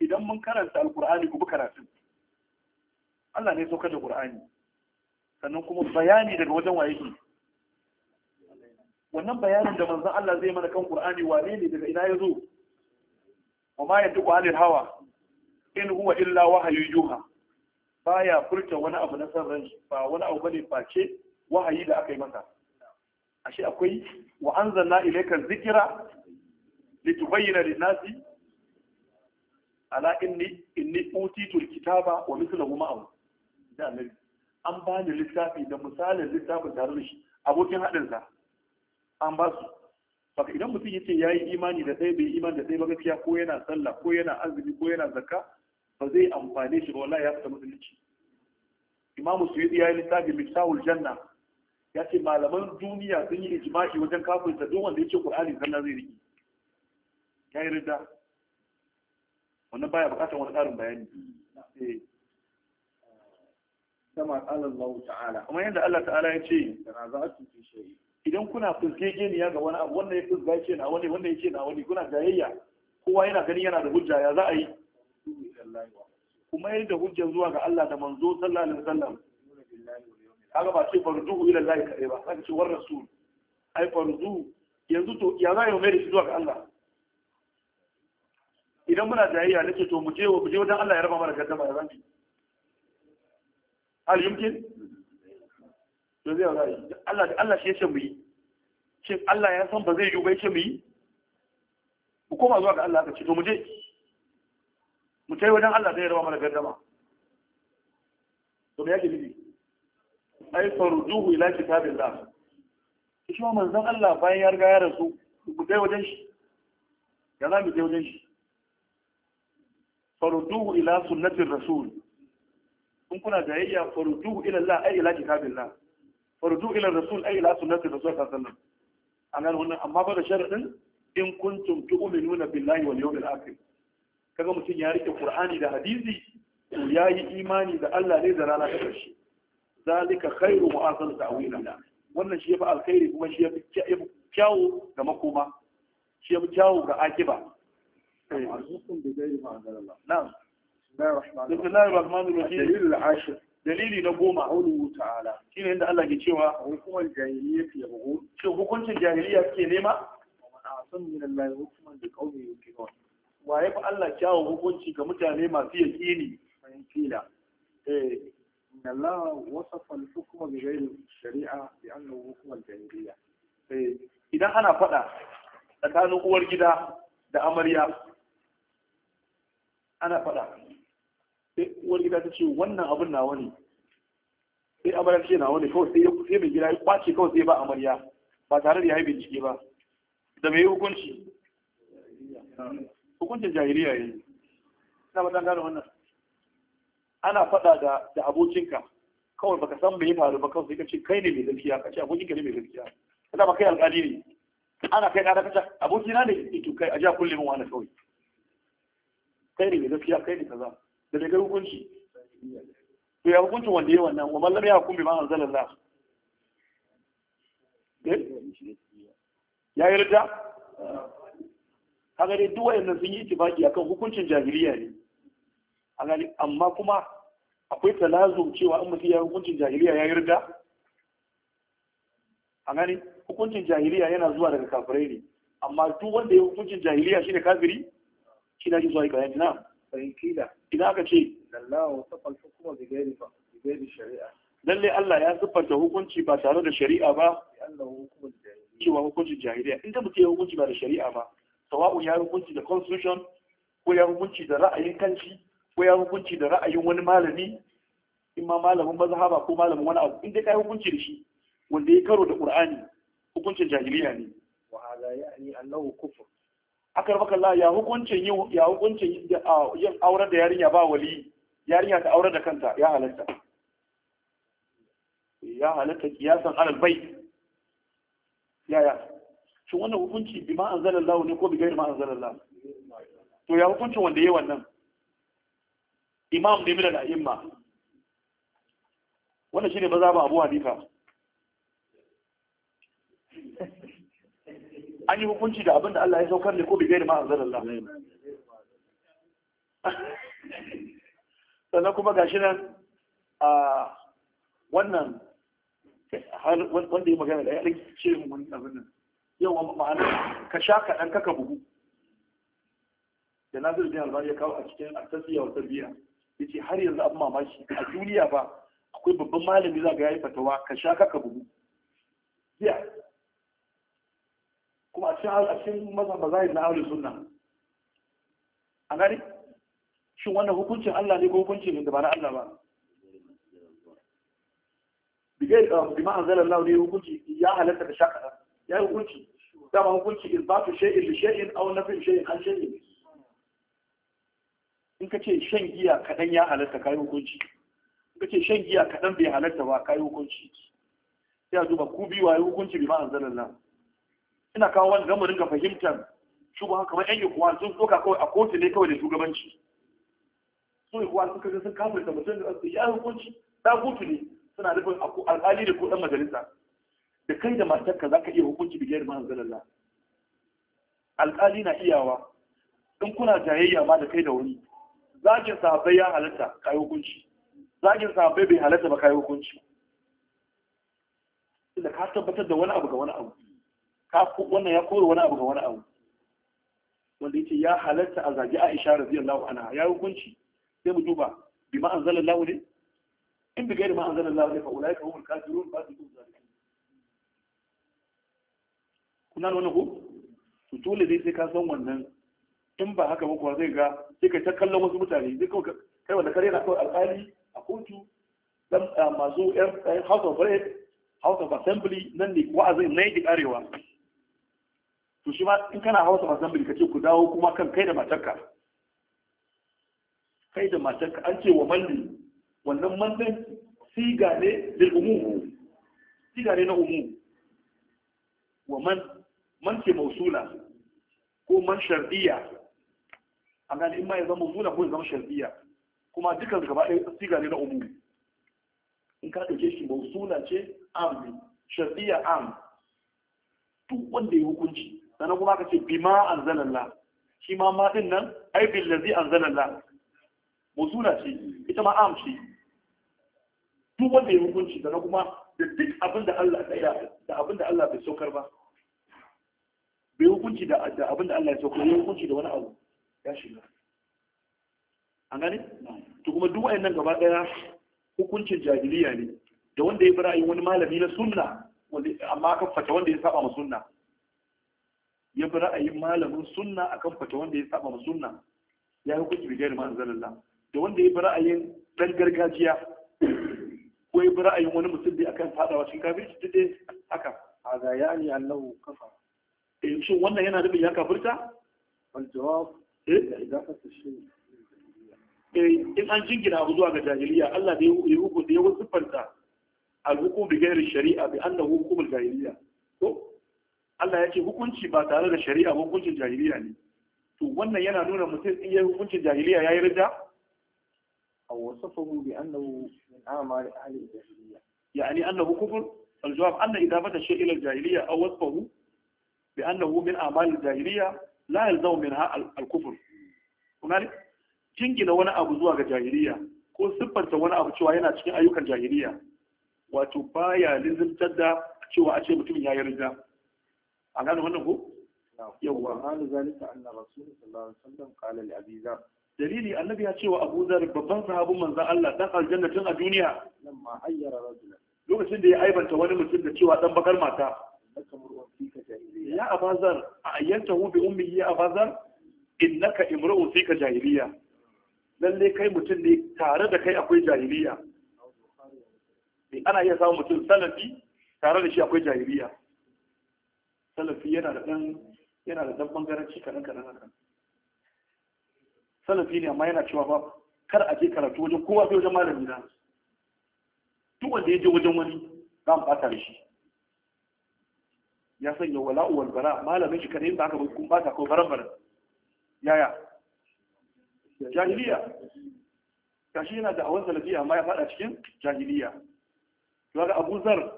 idan mun karanta alkur'ani ku bi karatu Allah ne ya saukar da qur'ani sannan kuma bayani daga wajen waye yake wannan bayanin da manzon Allah zai mana kan Qur'ani wane ne daga ina yazo wa ma yantiqu anil hawa in huwa illa wahyu yuha baya furta wani abu na san ran ba wani abu bane face wahayi da aka yi masa ashe akwai wa anzalna ilayka dhikra litubayyana lin-nasi ala inni inni utitul kitaba wa mithluhu ma'ahu da annabi an bani littafi da misalin littafin tare da shi abokin haɗinsa an ba su baka idan mutum ya ce ya yi imani da ɗaya bai imani da ɗaya ba gaskiya ko yana sallah ko yana azumi ko yana zakka ba zai amfane shi ba wallahi ya fita musulunci imamu suyudi ya yi littafi miftahul janna ya ce malaman duniya sun yi ijma'i wajen sa duk wanda ya ce qur'ani sallah zai riki ya yi rida wannan baya bukatar wani ƙarin bayani eh. kama Allah ta'ala kuma yadda Allah ta'ala ya ce tanaza'atu fi shay'in idan kuna fuskegeniya ga wani abu wannan ya fuska ya ce na wani wannan ya ce na wani kuna jayayya kowa yana gani yana da hujja ya za a yi kuma yadda hujja zuwa ga Allah da manzo sallallahu alaihi wasallam kaga ba ce farduhu ila Allah kai ba kaga ce war rasul ai farduhu yanzu to ya za a yi mai zuwa ga Allah idan muna jayayya nake to mu je wa mu je wajen Allah ya raba mana gaddama ya zambi hal yumkin to zai ra'ayi Allah da Allah shi ya ce mu yi shin Allah ya san ba zai yi ba ya ce mu yi mu koma zuwa ga Allah ka ce to mu je mu tai wajen Allah zai rawa mana gardama to me yake nufi ai farduhu ila kitabillah shi ma manzon Allah bayan ya riga ya rasu mu tai wajen shi ya za mu tai wajen shi farduhu ila sunnatir rasul in kuna jayayya farduhu ila Allah ai ila kitabillah farzu ila rasul ay ila sunnati rasul sallallahu alaihi wasallam an gane wannan amma ba da sharadin in kuntum tu'minuna billahi wal yawmil akhir kaga mutum ya rike qur'ani da hadisi ya yi imani da Allah ne da rana ta karshe zalika khairu wa asal ta'wila wannan shi yafi alkhairi kuma shi yafi kyawu ga makoma shi yafi kyawu ga akiba na'am بسم الله الرحمن الرحيم الدليل العاشر dalili na goma ala, ta'ala ne inda Allah ke cewa hukumar jahiliya ke bugu shin hukuncin jahiliya ke nema san min Allah hukumar da kawai Wa ya fi Allah kyawun hukunci ga mutane masu yaqini fahim fila eh inna Allah wasafa al-hukma bi ghayri shari'a bi annahu hukumar al-jahiliya eh idan ana fada tsakanin uwar gida da amarya ana fada sai uwar gida ta ce wannan abin na wani sai amarya ce na wani kawai sai mai gida ya kwace kawai sai ba amarya ba tare da ya yi bincike ba da mai hukunci hukuncin jahiliya ya yi na ba gano wannan ana faɗa da da abokinka kawai baka san mai faru ba kawai sai ka ce kai ne mai gaskiya ka ce abokinka ne mai gaskiya kada ba kai alƙali ne ana kai ƙara kaca abokina ne ke kai a jiya kullum wani kawai kai ne mai gaskiya kai ne kaza da bai hukunci to ya hukuncin wanda ya wannan wa mallam eh? ya hukumi ma anzalar la ya yarda kaga dai duk wayannan sun yi ittifaki akan hukuncin jahiliya ne amma kuma akwai talazum cewa in mutum ya hukuncin jahiliya ya yarda a gani hukuncin jahiliya yana zuwa daga kafirai ne amma duk wanda ya hukuncin jahiliya shine kafiri shi na ji zuwa ikayen na'am kila. idan aka ce lallahu wasu hukuma kuma gairi ba bi gairi shari'a lalle Allah ya siffanta hukunci ba tare da shari'a ba cewa hukunci jahiliya in da mutum ya hukunci ba da shari'a ba sawa'un ya hukunci da constitution ko ya hukunci da ra'ayin kanci ko ya hukunci da ra'ayin wani malami in ma malamin mazhaba ko malamin wani abu in dai kai hukunci da shi wanda ya karo da qur'ani hukuncin jahiliya ne wa hada yani annahu kufr aka rubuka Allah ya hukuncin yi ya hukuncin yin aure da yarinya ba wali yarinya ta aure da kanta ya halatta ya halatta kiyasan alal bai yaya shi wannan hukunci bi ma anzalallahu ne ko bi gairi ma anzalallahu to ya hukuncin wanda yayi wannan imam ne da imma wannan shine maza ba Abu hadifa an yi hukunci da abin da Allah ya saukar ne ko bi gairi ma anzar Allah sannan kuma ga shi nan a wannan wanda yi magana da ya ɗan ce wani abin nan yawan ma'ana ka sha kaɗan kaka bugu da nasir bin albani ya kawo a cikin tasiriya wa tarbiya ya ce har yanzu abin mamaki a duniya ba akwai babban malami za ga yi fatawa ka sha kaka bugu jiya kuma a cikin mazan mazahir na aure sunna a gani shin wannan hukuncin Allah ne ko hukuncin ne da ba na Allah ba bigai eh, bi ma anzala Allah ne hukunci ya halatta da shakara ya hukunci dama hukunci in ba izbatu shay'in bi shay'in aw nafi shay'in an shay'in in ka ce shan giya kaɗan ya halatta kai hukunci in ka ce shan giya kaɗan bai halatta ba kai hukunci sai a duba ku biwa hukunci bi ma anzala Allah ina kawo wani gamarin ga fahimtar shugaban kamar yan yukuwa sun soka kawai a kotu ne kawai da shugabanci sun yukuwa sun kaga sun kafin da mutum da su ya hukunci ta hutu ne suna nufin alhali da kudin majalisa da kai da matarka za ka iya hukunci da mahan manzalallah alƙali na iyawa in kuna jayayya ma da kai da wani zagin sahabbai ya halatta yi hukunci zagin sahabbai bai halatta ba kai hukunci inda ka tabbatar da wani abu ga wani abu wannan ya kore wani abu ga wani abu wanda yake ya halatta a zagi Aisha radiyallahu anha ya hukunci sai mu duba bi ma anzalallahu ne in bi gairi ma anzalallahu ne fa ulaika humul kafirun ba su kun zalimin kuna wannan ku? to dole dai sai ka san wannan in ba haka ba kuwa zai ga sai ka ta kallon wasu mutane zai kawai kai wanda kare na kawai alƙali a kotu dan ah, masu yan house of assembly nan ne wa'azin na yake ƙarewa. to shi ma in kana hausa assembly kace ku dawo kuma kan kai da matarka kai da matarka an ce wa malli wannan mandan siga ne lil umum siga ne na umum wa man man ce mausula ko man shardiya A gani in ma ya zama mausula ko ya zama shardiya kuma dukkan gaba ɗaya siga ne na umum in ka ɗauke shi mausula ce am shardiya am duk wanda ya hukunci sannan kuma aka ce bima zalalla shi ma ma din nan ai an zalalla musula ce ita ma am ce duk wanda ya hukunci sannan kuma da duk abin da Allah ya da abin da Allah bai saukar ba bai hukunci da abin da Allah ya saukar ya hukunci da wani abu ya shiga an gani? to kuma duk wayannan gaba daya hukuncin jahiliya ne da wanda ya bi ra'ayin wani malami na sunna amma aka fata wanda ya saba ma sunna ya bi ra'ayin malamin sunna akan fata wanda ya saba ma sunna ya yi hukunci bigayar ma'azalallah da wanda ya bi ra'ayin dan gargajiya ko ya bi ra'ayin wani mutum da akan fadawa cikin kafirci duk dai haka a ga ya ne annahu kafa eh shin wannan yana nufin ya kafirta wal jawab eh idafatu shay eh in an jingina abu zuwa ga jahiliya Allah da ya hukunta ya wasifanta al-hukum bi ghairi shari'a bi annahu hukum al-jahiliya ko Allah ya ce hukunci ba tare da shari'a ba hukuncin jahiliya ne to wannan yana nuna mutum in yi hukuncin jahiliya ya yi rida a wasafahu bi annahu min amali ahli jahiliya yani annahu kufur aljawab anna idafata shay'a ila jahiliya aw wasfahu bi annahu min amali jahiliya la yalzamu minha al-kufr kunali jingina wani abu zuwa ga jahiliya ko siffanta wani abu cewa yana cikin ayyukan jahiliya wato baya lizimtar da cewa a ce mutum ya yi rida a gane wannan ko yawwa halu zalika anna rasul sallallahu alaihi wasallam qala li abi zar dalili annabi ya cewa wa abu zar babban sahabin manzon Allah dan aljanna tun a duniya lamma ayyara rajulan lokacin da ya aibanta wani mutum da cewa dan bakar mata ya abazar a ayyanta hu bi ummi ya abazar innaka imra'un fika jahiliya lalle kai mutum ne tare da kai akwai jahiliya eh, ana iya samun mutum salafi tare da shi akwai jahiliya salafi yana da ɗan yana da ɗan bangaranci kaɗan kaɗan haka salafi ne amma yana cewa ba kar a je karatu wajen kowa sai wajen malami na duk wanda ya je wajen wani za mu ɓata da shi ya sanya wala'u wal bara malamin shi kaɗai ba aka bai kun ɓata ko baran baran yaya jahiliya kashi yana da awon salafiya amma ya faɗa cikin jahiliya to ga Abu Zar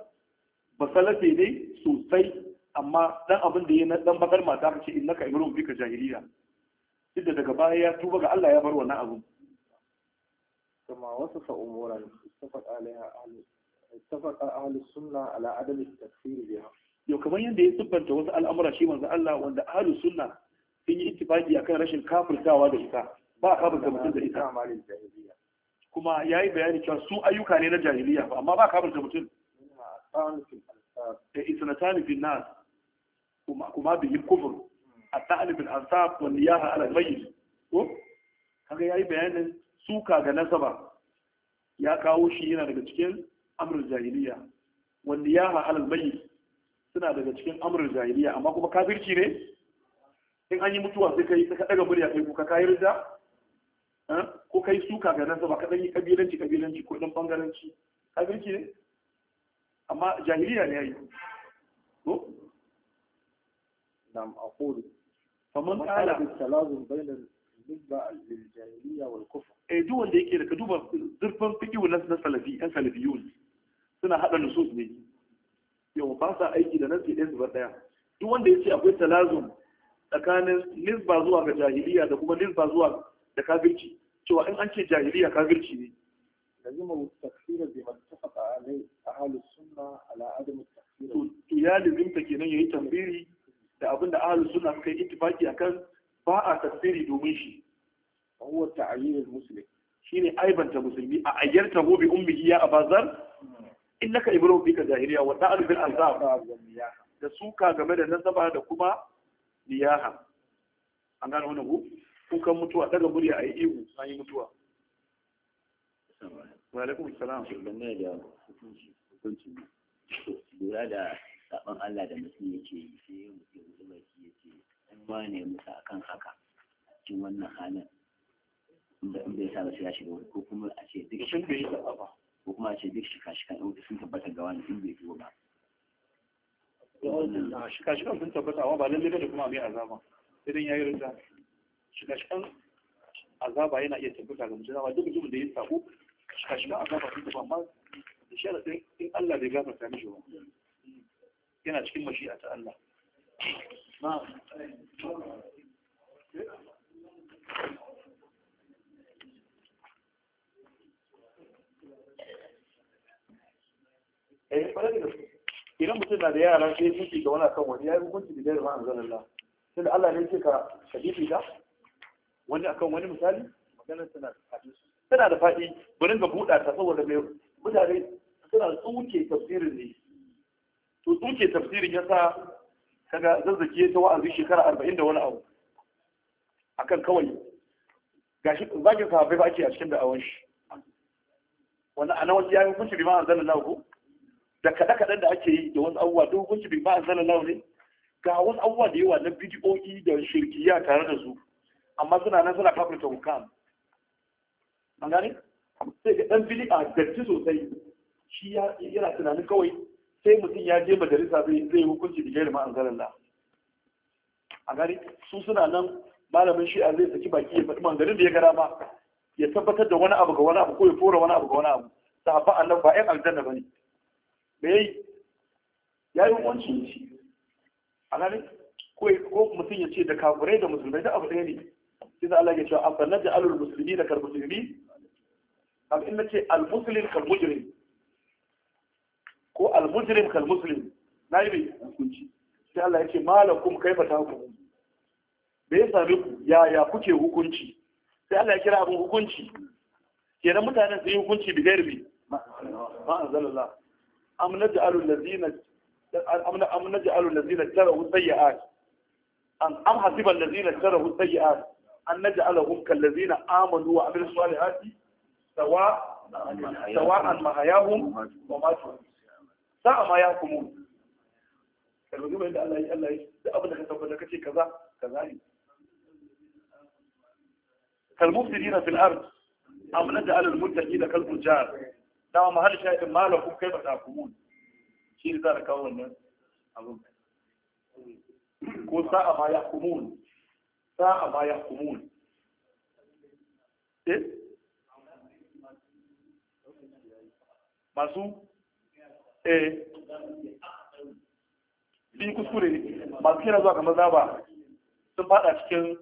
ba salafi ne sosai amma dan abin da ya na dan bakar mata ka ce innaka imrun bika jahiliya duk daga baya ya tuba ga Allah ya bar wannan abu kuma wasu sa umuran istafaq alaiha ahli istafaq ahli sunna ala adam at-takfir biha yo kamar yanda ya siffanta wasu al'amura shi manzo Allah wanda ahli sunna sun yi ittifaqi akan rashin kafirtawa da ita ba kafirta mutum da ita kuma yayi bayani cewa su ayyuka ne na jahiliya amma ba kafirta mutum da isnatani bin nas kuma bihi kufur at-ta'lib al-ansab wa niyaha ala al-mayyit ko kaga yayi bayanin suka ga nasaba ya kawo shi yana daga cikin amrul zahiriya. wa niyaha ala al-mayyit suna daga cikin amrul zahiriya. amma kuma kafirci ne in an yi mutuwa sai kai ka daga murya kai kuka kai rida ko kai suka ga nasaba ka dan yi kabilanci kabilanci ko dan bangaranci kafirci ne amma jahiliya ne yayi ko نعم أقول فمن قال بالتلازم بين النسبة للجاهلية والكفر أي دون ديك إذا كدوبة زرفن فيكي والناس ناس سلفي أن سلفيون سنة هذا النصوص دي يوم ba أي aiki ناس nasi ɗaya zubar ɗaya duk wanda ya ce akwai talazum tsakanin nisba zuwa ga jahiliya da kuma nisba zuwa جاهلية كافرشي cewa in an ce jahiliya kafirci لازم التكفير بما اتفق عليه أهل السنة على عدم التكفير. يا لازم تكينين يهي تنبيري da abinda ahlus sunna suka yi ittifaki akan ba a tafsiri domin shi huwa ta'ayyir muslim shine aibanta musulmi a ayyarta gobe ummihi ya abazar innaka ibrahim bika zahiriya wa ta'al bil azab da suka game da nasaba da kuma niyaha an gano wannan ku kukan mutuwa daga murya ayi ihu an yi mutuwa wa alaikum lura da saban Allah da mutum yake yi sai ya mutum ya zuba shi ya ce an wane musa akan haka cikin wannan halin in bai sa ba sai ya shiga wani ko kuma a ce duk shi bai saba ba ko kuma a ce duk shika shikan in sun tabbata ga wani in bai zuwa ba shika shikan sun tabbata amma ba lalle ba da kuma mai azaba sai dai yi rinda shika shikan azaba yana iya tabbata ga mutum amma duk mutum da ya sako shika shikan azaba sun tabbata amma da sharadin in Allah bai gafarta mishi ba yana cikin mashi'a ta Allah eh, idan mutum na da yara sai fifi ga wani kan wani ya yi hukunci da gairu ma'an Allah. sai da Allah ne ce ka shadifi ta wani akan wani misali maganar tana da faɗi tana da faɗi bari ga buɗa ta saboda mai mutane suna tsuke tafsirin ne muke tsuke tafsirin ya sa kaga zazzaki ta wa'azi shekara arba'in da wani abu A kan kawai gashi zagin sahabai ba ake a cikin da'awar shi wani ana wani yayin kunci bi ma'an zanen lahu da kaɗe-kaɗen da ake yi da wasu abubuwa don kunci bi ma'an zanen lahu ne ga wasu abubuwa da yawa na bidiyoyi da shirkiya tare da su amma suna nan suna kafirta hukam an gane sai ga ɗan a datti sosai shi yana tunanin kawai sai mutum ya je majalisa zai yi hukunci da gairi ma'anzalalla a gari su suna nan malamin shi'a zai saki baki ya faɗi mangarin da ya gara ma ya tabbatar da wani abu ga wani abu ko ya fura wani abu ga wani abu haɓa annan ba ƴan aljanna ba ne yayi ya yi hukunci a gari ko mutum ya ce da kafurai da musulmai da abu ɗaya ne sai Allah ya ce a sannan da alul musulmi da kar musulmi ina ce al muslim ko al-mujrim kal muslim nayi bai hukunci sai Allah yake malakum kaifa tahkum me ya same ku ya ya kuke hukunci sai Allah ya kira abin hukunci kenan mutanen sai hukunci bi gairbi ma anzalallah am naj'alul ladina am naj'alul ladina tarahu sayyi'at an am hasiba alladhina tarahu sayyi'at an naj'alahum kal ladina amanu wa amilus salihati sawa Sawa sawa'an mahayahum wa matu za a ma ya hukumu kalmomi mai da Allah yi, Allah yi. da abin da ka tabbata kace kaza kaza ne kalmufsidina fil ard am naj'al al muttaqina kal fujar da ma hal shay'in ma lakum kayfa tahkumun shi ne za ka kawo wannan abin ko sa'a ma ya hukumun sa'a ma ya hukumun eh masu eh bi kuskure ne masu kira zuwa ga maza ba sun fada cikin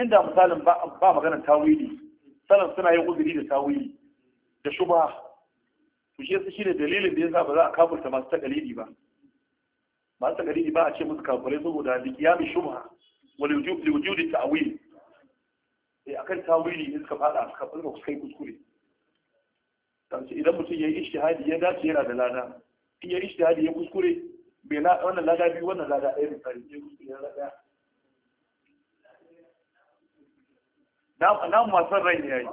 inda misalin ba maganar tawili sanan suna yin uzuri da tawili da shuba to shi yasa shine dalilin da yasa ba za a kafurta masu takalidi ba masu takalidi ba a ce musu kafurai saboda liqiyami shuba wal wujud li wujudi ta'wil eh akan tawili ne suka fada suka kai kuskure idan mutum ya yi ishtihadi ya dace yana da lada in ya ishtihadi ya kuskure bai wannan lada biyu wannan lada ɗaya misali ya kuskure ya lada na masu rai ne yi,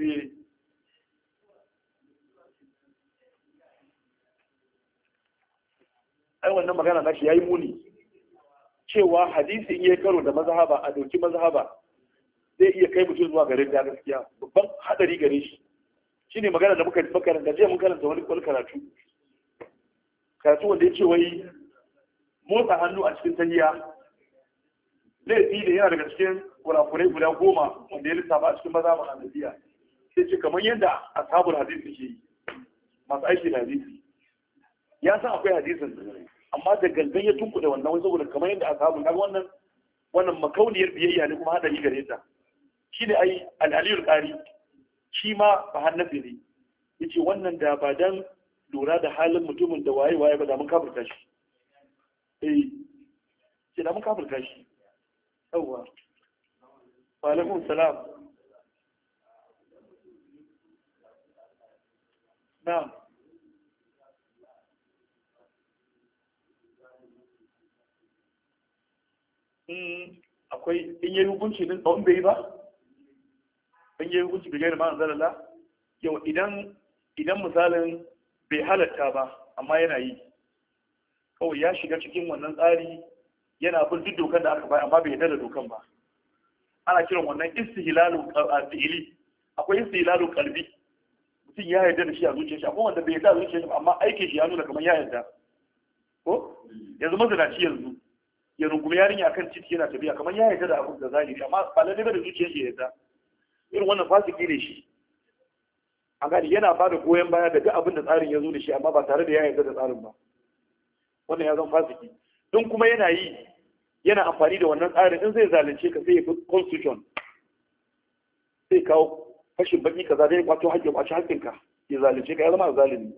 sai eh. ai wannan magana na shi yayi muni cewa hadisi in yayi karo da mazhaba a dauki mazhaba zai iya kai mutum zuwa garin da gaskiya babban hadari gare shi shine magana da muka yi karanta jiya mun karanta wani kwal karatu karatu wanda ya ce wai motsa hannu a cikin tahiya laifi da yana daga cikin kurakurai guda goma wanda ya lissafa a cikin maza ba hanabiya sai ce kamar yadda sabon hadis suke yi masu aiki da hadisi ya san akwai hadisin amma da gangan ya tunkuɗe wannan wai saboda kamar yadda ashabul ga wannan wannan makauniyar biyayya ne kuma haɗari gare ta ne ai al ƙari shi ma ba hannabi ne ce wannan da ba dan lura da halin mutumin da waye waye ba da mun kafirta shi eh ce da mun kafirta shi yawa wa alaikum salam na'am hmm, akwai in yi hukunci din tsawon bai ba in yi hukunci bai gani ma'an zalala yau idan misalin bai halatta ba amma yana yi kawai ya shiga cikin wannan tsari yana bin duk dokan da aka bai amma bai yarda da dokan ba ana kiran wannan istihlalu fi'ili akwai istihlalu qalbi mutum ya yarda da shi a zuciyar shi akwai wanda bai yarda zuciyar shi amma aiki shi ya nuna kamar ya yarda ko yanzu ci yanzu ya rungumi yarinya akan titi yana tafiya kamar ya yarda da abin da zahiri amma ba lalle ba da zuciyar shi ya yarda irin wannan fasiki ne shi an yana ba da goyon baya daga abin da tsarin ya zo da shi amma ba tare da ya yarda da tsarin ba wannan ya zan fasiki in kuma yana yi yana amfani da wannan tsarin in zai zalunce ka sai ya fi constitution sai kawo fashin baki kaza zai kwato hakkin kwaci hakkin ka ya zalunce ka ya zama zalimi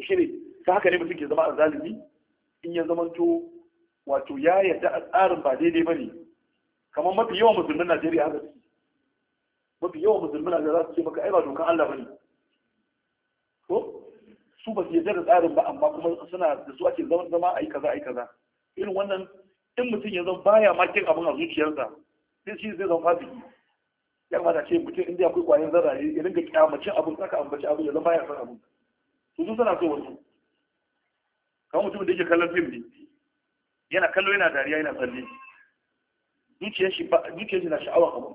shi ne ta haka ne mutum ke zama zalimi in ya zamanto wato ya yarda a tsarin ba daidai ba ne kamar mafi yawan musulmin Najeriya haka suke mafi yawan musulmi na da za su ce maka ai ba dokan Allah bane ko su ba su yi da tsarin ba amma kuma suna da su ake zama zama ayi kaza ayi kaza irin wannan in mutum ya zama baya ma kin abin a zuciyarsa sai shi zai zama fasiki ya kamata ce mutum inda akwai kwayan zarra ya ringa kyamacin abin saka ambaci abin ya zama baya san abin su sun sana so wasu kamar mutumin da yake kallon fim ne yana kallo yana dariya yana tsalle zuciyar shi na sha'awar abin